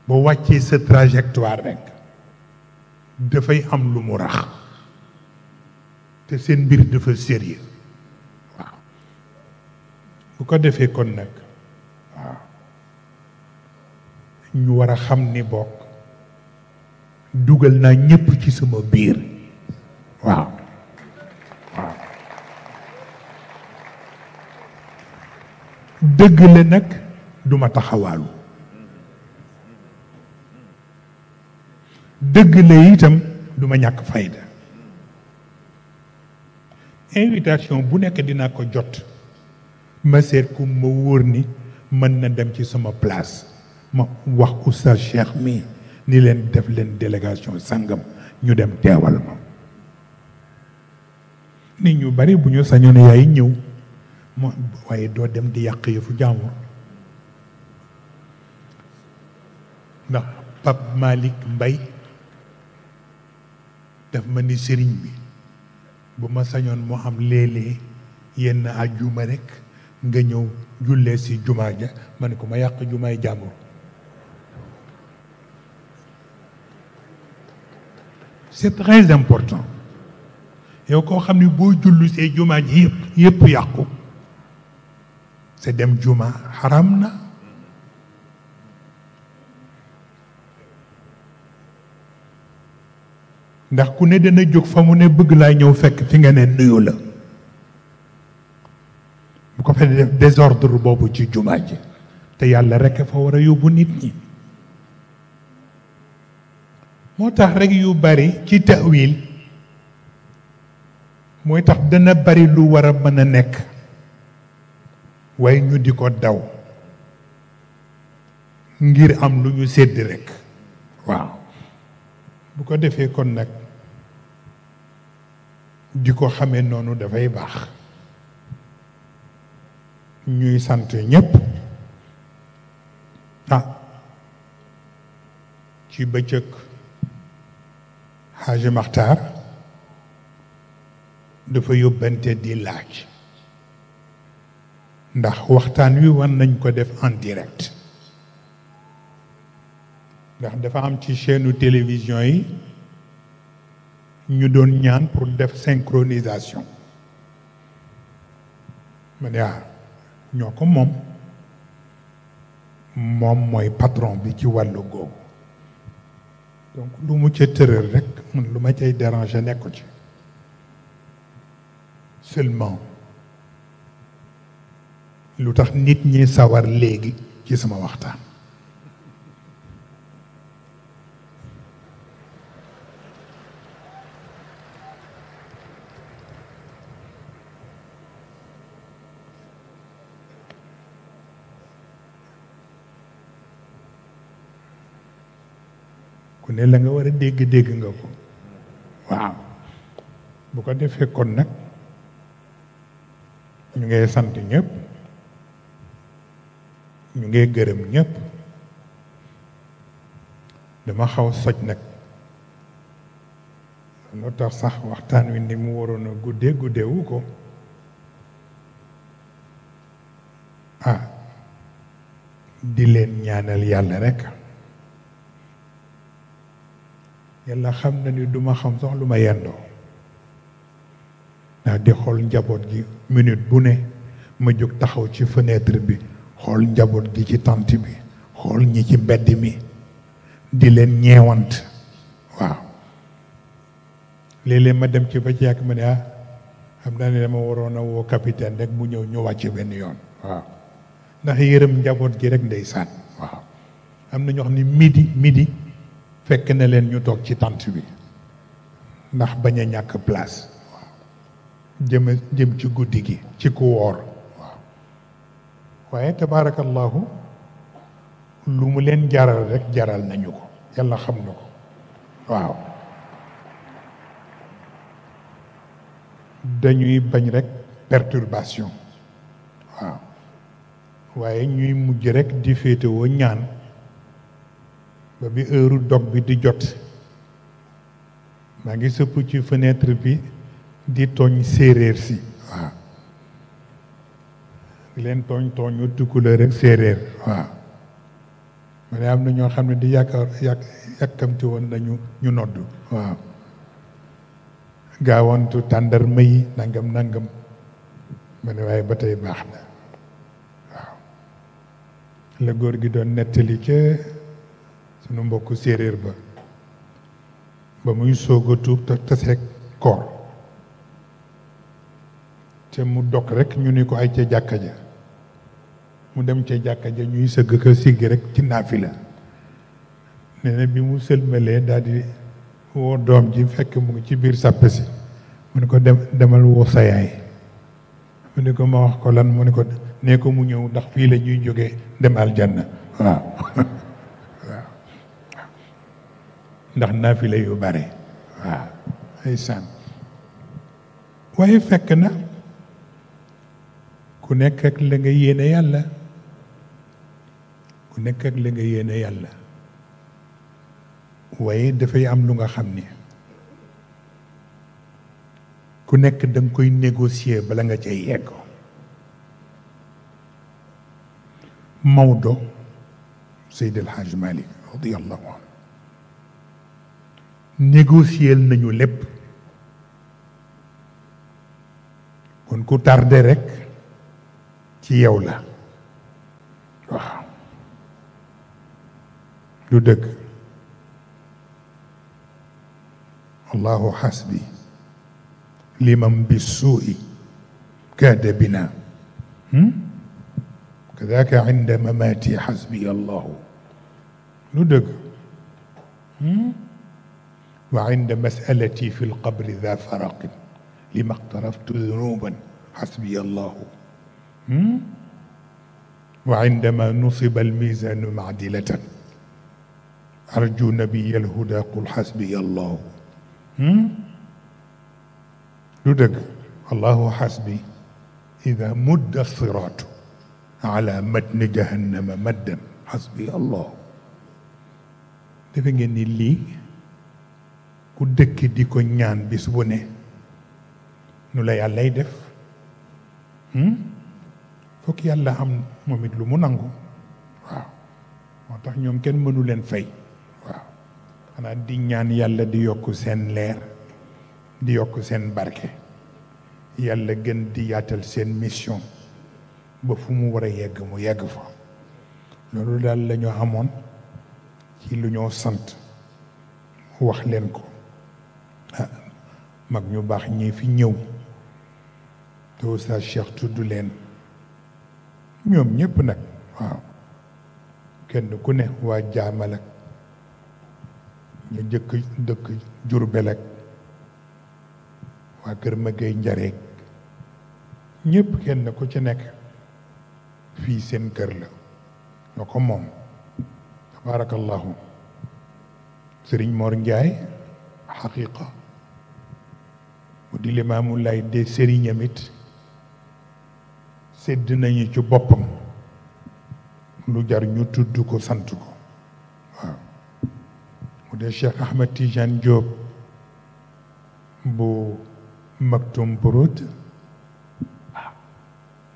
ba wàccee sa trajectoire rekk dafay am lu mu rax te seen mbir dafa sérieux bu ko defee kon nag waaw ñu war a xam ni bokk dugal naa ñépp ci sama biir waaw waaw dëgg la nag duma taxawaalu dëgg la itam duma ñàkk fayda invitation bu nekk dinaa ko jot ma seet ku ma wóor ni mën na dem ci sama place ma wax oustaz Cheikh mi ni leen def leen délégation sàngam ñu dem teewal ma nit ñu bari bu ñu sañoon yaay ñëw mo waaye doo dem di yàq yëfu jàmbur ndax Pape Malick Mbay daf ma ni sëriñ bi bu ma sañoon moo am léeg-léeg yenn àjjuma rek nga ñëw jullee si jumaa ja ma ne ko ma yàq jumaay jàmbur c'est très important yow koo xam ne boo jullu see jumaa ji yëpp yëpp yàqu sa dem juma xaram na ndax ku ne dana jóg fa mu ne bëgg laa ñëw fekk fi nga ne nuyu la ko fee def boobu ci jumaa ji te yàlla rekk fa war a yóbbu nit ñi moo tax rekk yu bari ci tahwil mooy tax dana bari lu war a mën a nekk waaye ñu di ko daw ngir am lu ñu sédd rekk waaw bu ko defee kon nag di ko xamee noonu dafay baax ñuy sant ñëpp ah ci bëccëg Haji Maxtaar dafa yóbbante di laaj ndax waxtaan wi war nañ ko def en direct ndax dafa am ci chaîne télévision yi ñu doon ñaan pour def synchronisation ñoo ko moom moom mooy patron bi ci wàllu googu donc lu mu ca tëral rek man lu ma cay déranger nekku ci seulement lu tax nit ñi sawar léegi ci sama waxtaan ku ne la nga war a dégg dégg nga ko waaw bu ko defee kon nag ñu ngay sant ñëpp ñu ngay gërëm ñépp dama xaw soj nag loo tax sax waxtaan wi ni mu waroon a gudde guddewu ko ah di leen ñaanal yàlla rekk yàlla xam na ni duma xam sax lu ma yendoo ndax di xool njaboot gi minute bu ne ma jóg taxaw ci fenêtre bi xool njaboot gi ci tant bi xool ñi ci mbedd mi di leen ñeewant waaw léeg-léeg ma dem ci ba ci yàgg ma ne ah xam naa ne dama waroon a woo capitaine rek mu ñëw ñëwaat ci benn yoon waaw ndax yërëm njaboot gi rek ndeysaan waaw am na ñoo xam midi midi fekk na leen ñu toog ci tànt bi ndax bañ a ñàkk place waaw jëm jëm ci guddi gi ci ku waaw waaye tabaarakallahu lu mu leen jaral rek jaral nañu ko yàlla xam na ko waaw dañuy bañ rekk perturbation waaw waaye ñuy mujj rekk di féetewoo ñaan ba bi heure dog bi di jot maa ngi sëpp ci fenêtre bi di tooñ séeréer si waaw leen tooñ tooñu tukkulóor rek séeréer waaw ma am na ñoo xam ne di yàkkaar yàkk yàkkamti woon nañu ñu nodd waaw gaawantu tàndarma yi nangam nangam ma waaye ba tey baax na waaw la góor gi doon nettali ca nu mbokk séeréer ba ba muy soog a tuub te taseeg koor te mu dog rek ñu ni ko ay ca jàkka ja mu dem ca jàkka ja ñuy sëgg ka siggi rek ci naafila nee na bi mu sëlmalee daldi woo doom ji fekk mu ci biir sàppe si mu ni ko dem demal woo sa yaay mu ne ko ma wax ko lan mu ni ko nee ko mu ñëw ndax fii la ñuy jóge dem aljanna waaw ndax naafila yu bare waaw ndeysaan waaye fekk na ku nekk ak la nga yéene ku nekk ak la nga yéene yàlla waaye dafay am lu nga xam ni ku nekk danga koy négocier bala nga cay yegg Maodo Seydil Hadj Malick radiyallahu anhu négocier nañu lépp kon ku tardé rek ci yow la waaw du dëgg allahu xasbi liman bi suui kaada bina hmm? kadaaka inda mamaati xasbi allahu du dëgg hmm? wa inda masalati fi lqabri da faraqin lima qtaraftu dunuban xasbiya allahu wa indama nusiba almisanu maadilatan arju nabiya alhuda qul xasbiya allahu lu dëgg allahu xasbi ida mudda siraatu ala matni jahannama maddan xasbiya allahu dafa ngeen ni lii ku dëkk di ko ñaan bis bu ne nu la yàllay def hmm? fokk yàlla am moom it lu mu nangu waaw moo tax ñoom kenn mënu leen fay waaw xanaa di ñaan yàlla di yokk seen leer di yokk seen barke yàlla gën di yaatal seen mission ba fu mu war a yegg mu yegg fa loolu daal la amoon ci lu ñoo sant wax leen ko mag ñu baax ñi fi ñëw te Oustaz Cheikh tudd leen ñoom ñépp nag waaw kenn ku ne waa jaamal ak ñu jëkk dëkk Jurbel waa kër Magay Njareeg ñëpp kenn ku ci nekk fii seen kër la ñoo ko moom tabarakallahu sëriñ Mor Njaay xaqiqa mu di limaamu lay de sëriñam it sédd nañu ci boppam lu jar ñu tudd ko sant ko waaw mu dee Cheikh Ahmed Tidiane Diop bu Maktoum Buruut waaw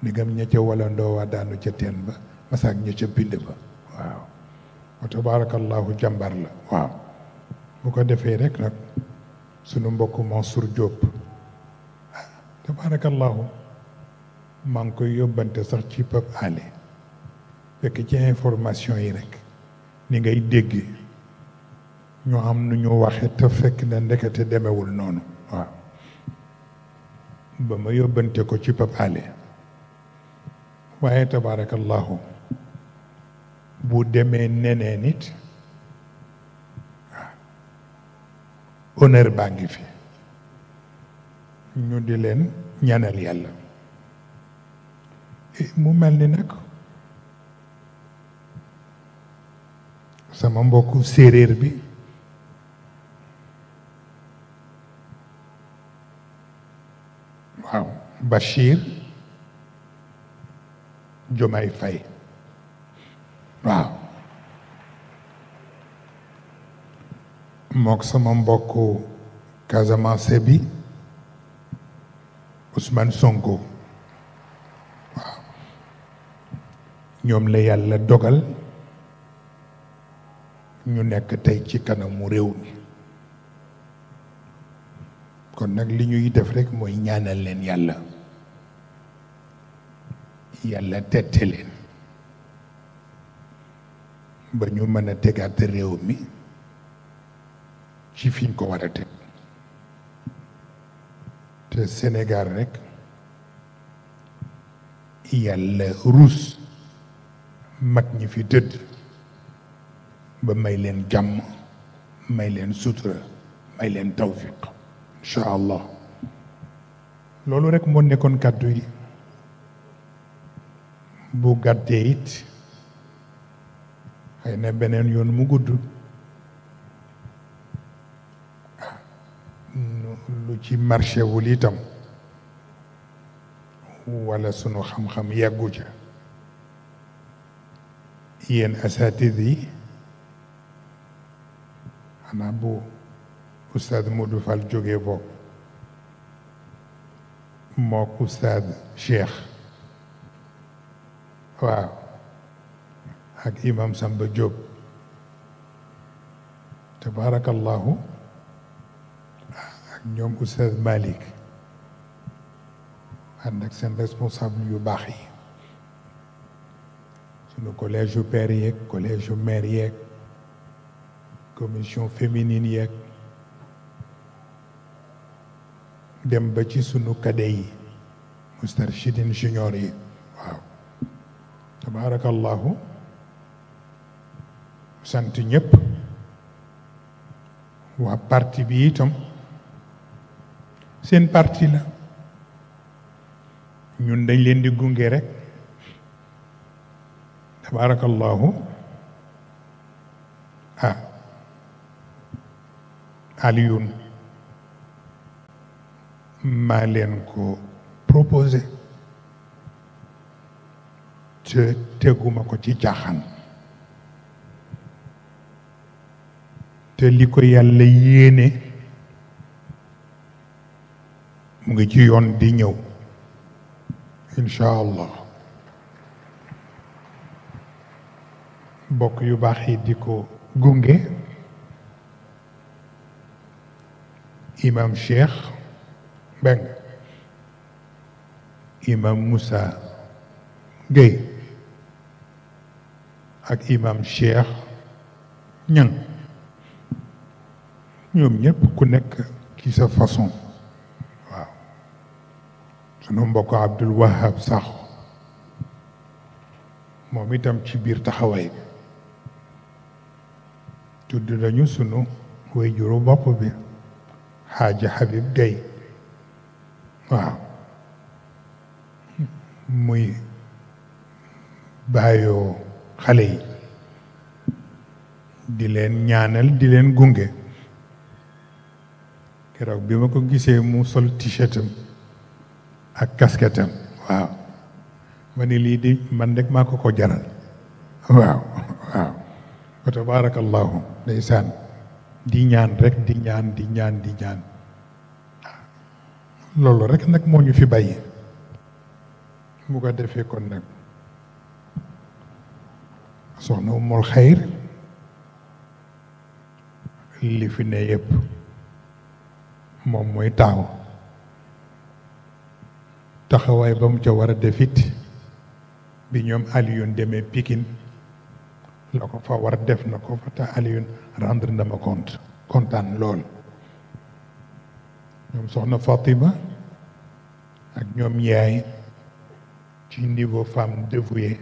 ndigam ña ca wala ndoowa daanu ca teen ba masaak ña ca bind ba waaw wa tabarakallahu jàmbar la waaw bu ko defee rek nag sunu mbokk Mansour Diop tabaarakallaahu maa ngi koy yóbbante sax ci Pape Alé fekk ci information yi rek ni ngay dégg ñu am nu ñu waxe te fekk na ndekete demewul noonu waaw ba ma yóbbante ko ci Pape Alé waaye tabaarakallaahu bu demee neneen it waaw honneur baa ngi fi ñu di leen ñaanal yàlla mu mel ni nag sama mbokku séeréer bi waaw Bachir Diomaye Faye waaw mook sama mbokku Casamance bi Ousmane Sonko waaw ñoom la yàlla dogal ñu nekk tey ci kanamu réew mi kon nag li ñuy def rek mooy ñaanal leen yàlla yàlla tette leen ba ñu mën a tegaat réew mi ci fiñ ko war a te Sénégal rek yàlla ruus mag ñi fi tëdd ba may leen jàmm may leen sutura may leen tawfiq incha allah loolu rek moo nekkoon kàddu yi bu gàttee it xëy na beneen yoon mu gudd ci marché wulitam itam wala sunu xam-xam yàggu ca yéen asatid yi xanaa bu oustaz Modou Fall jógee bopp mook oustaz Cheikh waaw ak imam Samba Diop tabarakallahu ñoom Oustaz Malick ànd ak seen responsable yu baax yi sunu collège yu père yeeg collège yu mère yeeg commission féminine yeeg dem ba ci sunu cadet yi Moustarchidine yi waaw tabarakallahu sant ñëpp waa parti bi itam seen parti la ñun dañ leen di gunge rek tabarakallahu ah maa leen ko propose te teguma ko ci caaxaan te li ko yàlla yéene mu ngi ci yoon di ñëw incha allah bokk yu baax yi di ko gunge imam Cheikh Mbeng imam Moussa Gueye ak imam Cheikh ñan ñoom ñëpp ku nekk ci sa façon sunu mbokk Abdul Wahab Sakho moom itam ci biir taxawaay bi tudd nañu sunu way juru bopp bi xaaji Habib Gueye waaw muy baayoo xale yi di leen ñaanal di leen gunge keroog bi ma ko gisee mu sol t-shirtam ak casquette waaw ma ni lii di man rek maa ko ko jaral waaw waaw wa tabarakallahu ndeysaan di ñaan rek di ñaan di ñaan di loolu rek nag moo ñu fi bay bu ko defee kon nag soxna umul xayr li fi ne yëpp moom mooy taaw taxawaay ba mu ca war a def it bi ñoom Alioune demee pikin la ko fa war def na ko fa te Alioune rendre na ma compte kontaan lool ñoom soxna Fatima ak ñoom yaay ci niveau femme dévouée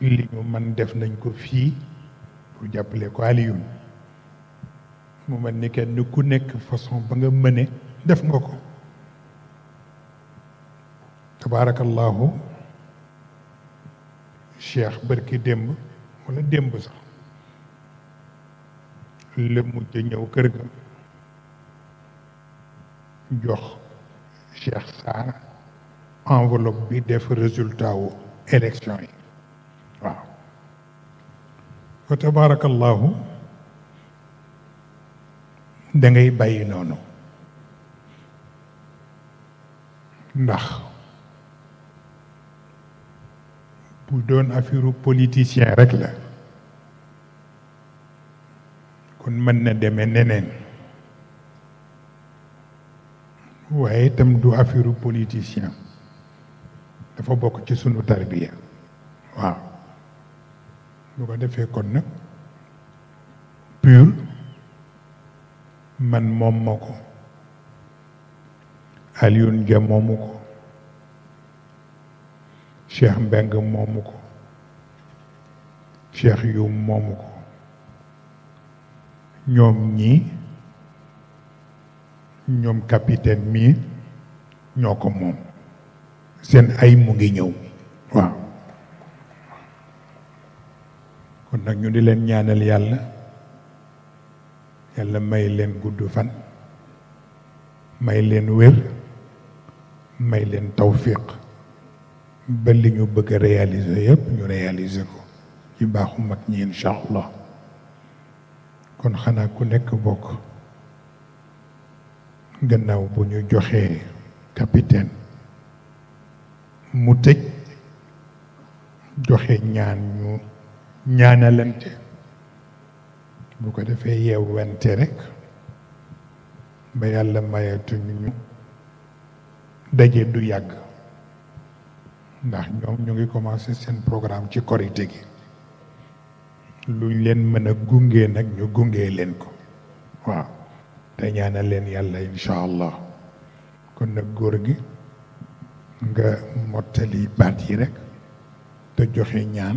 li ñu man def nañ ko fii pour jàppale ko Alioune mu mel ni kenn ku nekk façon ba nga mëne def nga ko tabaarakallaahu cheikh bërki démb wala démb sax la mujj ñëw kër ga jox cheikh Sarr enveloppe bi def résultat élection yi waaw fa tabaarakallaahu da ngay bàyyi noonu ndax bu doon affaire politicien rek la kon mën na deme neneen waaye itam du affaire politicien dafa bokk ci sunu tarbiya waaw bu ko defee kon nag pur man moom ma ko Alioune Dia ko cheikh mbeng moomu ko cheikh yu moomu ko ñoom ñi ñoom capitaine mii ñoo ko moom seen ay mu ngi ñëw waaw kon nag ñu di leen ñaanal yàlla yàlla may leen gudd fan may leen wér may leen tawfiq ba li ñu bëgg a réaliser yëpp ñu réaliser ko ci baaxu mag ñi incha allah kon xanaa ku nekk bokk gannaaw bu ñu joxee capitaine mu tëj joxe ñaan ñu ñaanalante bu ko defee yeewante rek ba yàlla mayeetu ñu daje du yàgg ndax ñoom ñu ngi commencé seen programme ci korité gi luñ leen mën a gungee nag ñu gungee leen ko waaw te ñaanal leen yàlla incha allah kon nag góor gi nga mottali baat yi rek te joxe ñaan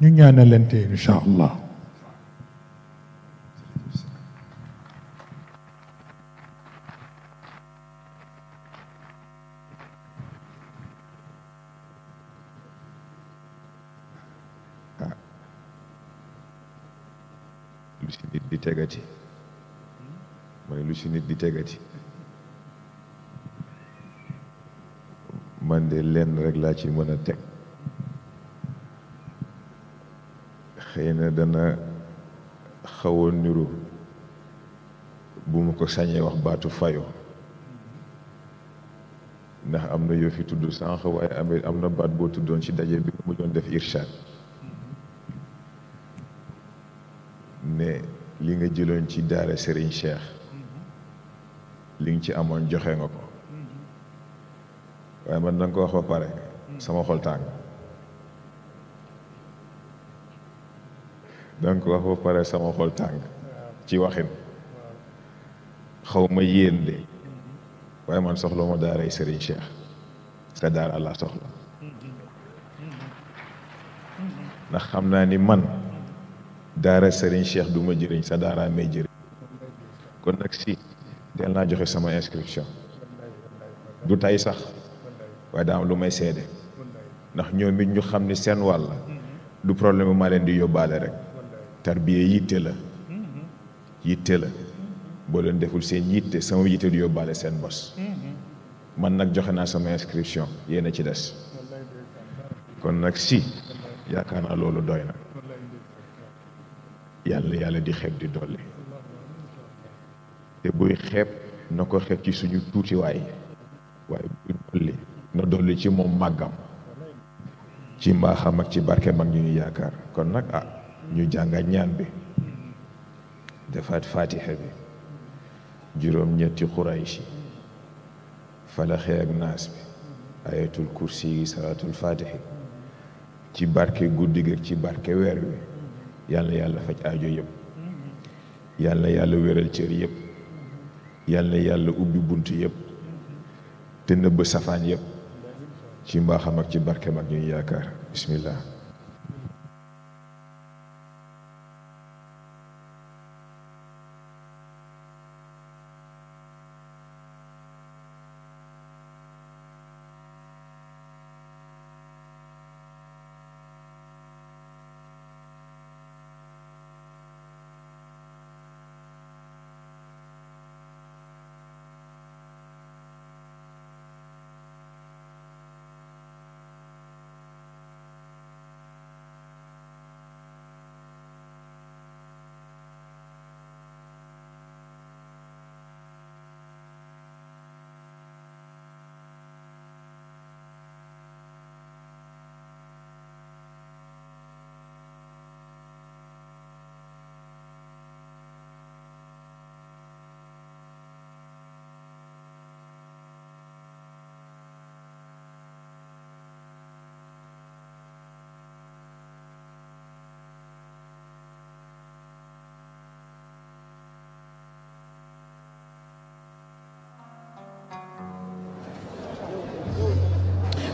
ñu leen ñaanalante incha allah tegati mooy lu si nit di tegati man de lenn rek laa ci mën a teg xëy na dana xaw niru bu ma ko sañee wax baatu fayo ndax am na yoo fi tudd sànq waaye am am na baat boo tuddoon ci daje bi mu doon def irshad li nga jëloon ci daara Serigne Cheikh mm-hmm. li nga ci amoon joxe nga ko mm-hmm. waaye man na mm-hmm. ko wax ba pare sama xol tàng donc wax pare sama xol tàng ci waxin xaw ma yéen de waaye man soxla ma daaray Serigne Cheikh sa daara laa soxla ndax xam naa ni man daara Serigne Cheikh du ma jëriñ sa daara may jëriñ kon nag si teel naa joxe sama inscription du tey sax waaye daa lu may seede ndax ñoom it ñu xam ni seen wàll la du problème maa leen di yóbbaale rek tarbiye yitte la yitte la boo leen deful seen yitte sama yitte du yóbbaale seen bos man nag joxe naa sama inscription yéen a ci des kon nag si yaakaar naa loolu doy na yàlla yàlla di xeeb di dolli te buy xeeb na ko xeeb ci suñu tuutiwaay waaye buy dolli na dolli ci moom màggam ci mbaaxam ak ci barke mag ñu ñu yaakaar kon nag ah ñu jànga ñaan bi defaat fatiha bi juróom ñetti xurayshi falaxe ak naas bi ayatul kursi yi salaatul ci barke guddi gi ak ci barke weer wi yàlla yàlla faj aajo yëpp yal na yàlla wéral cër yëpp yal yàlla ubbi bunt yëpp te nëbb safaan yëpp ci mbaaxam ak ci barkeem mag ñuy yaakaar bismillah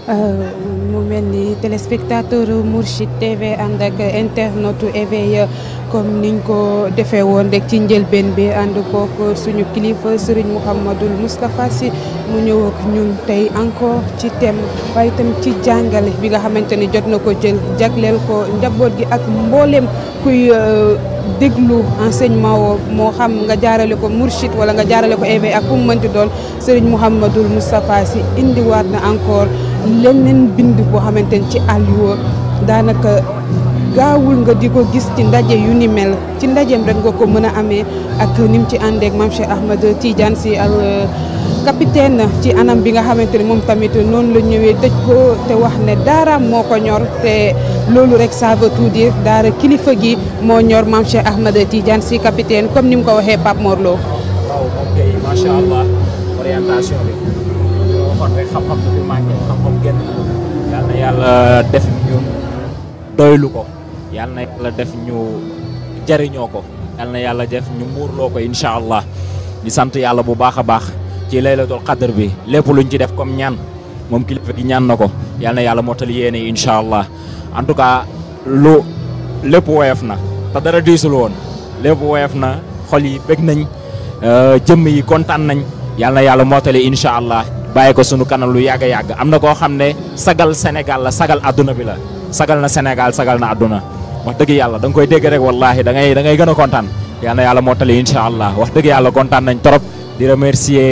Euh, mu mel ni téléspectateur Mourchid TV ànd ak internaute éveil comme niñ ko defee woon rek ci njëlbeen bi ànd kook suñu kilifa Serigne Mouhamadul Moustapha Sy mu ñëw ak ñun tey encore ci thème waaye tamit ci jàngale bi nga xamante ni jot na ko jël jagleel ko njaboot gi ak mbooleem kuy euh, déglu enseignement woo moo xam nga jaarale ko Mourchid wala nga jaarale ko éveil ak fu mu mënti doon Serigne Mouhamadul Moustapha Sy indiwaat na encore. leneen bind boo xamante ni ci Aliou daanaka gaawul nga di ko gis ci ndaje yu ni mel ci ndajeem rek nga ko mën a amee ak ni ci àndeek maam Cheikh Ahmed Tidiane si al capitaine ci anam bi nga xamante ne moom tamit noonu la ñëwee tëj ko te wax ne daaraam moo ko ñor te loolu rek ça tuut tout daara kilifa gi moo ñor maam Cheikh Ahmed Tidiane si capitaine comme ni ko waxee Pape Mor bi. mooy xam-xam du fi manqué xam na yal def ñu doylu ko yal na yàlla def ñu jariñoo ko yal na yàlla def ñu muurloo ko incha allah di sant yàlla bu baax a baax ci laylatul qadr bi lépp lu ci def comme ñaan moom ki gi ñaan na ko yal na yàlla mottali yéene incha allah en tout cas lu lépp woyof na te dara diisul woon lépp woyof na xol yi bég nañ euh, jëmm yi kontaan nañ yal na yàlla mottali incha allah. bàyyi ko sunu kanam lu yàgg a yàgg am na koo xam ne sagal Sénégal la sagal àdduna bi la sagal na Sénégal sagal na àdduna wax dëgg yàlla da nga koy dégg rek wallaahi da ngay da ngay gën a kontaan yal na yàlla moo tali incha allah wax dëgg yàlla kontaan nañ trop di remercier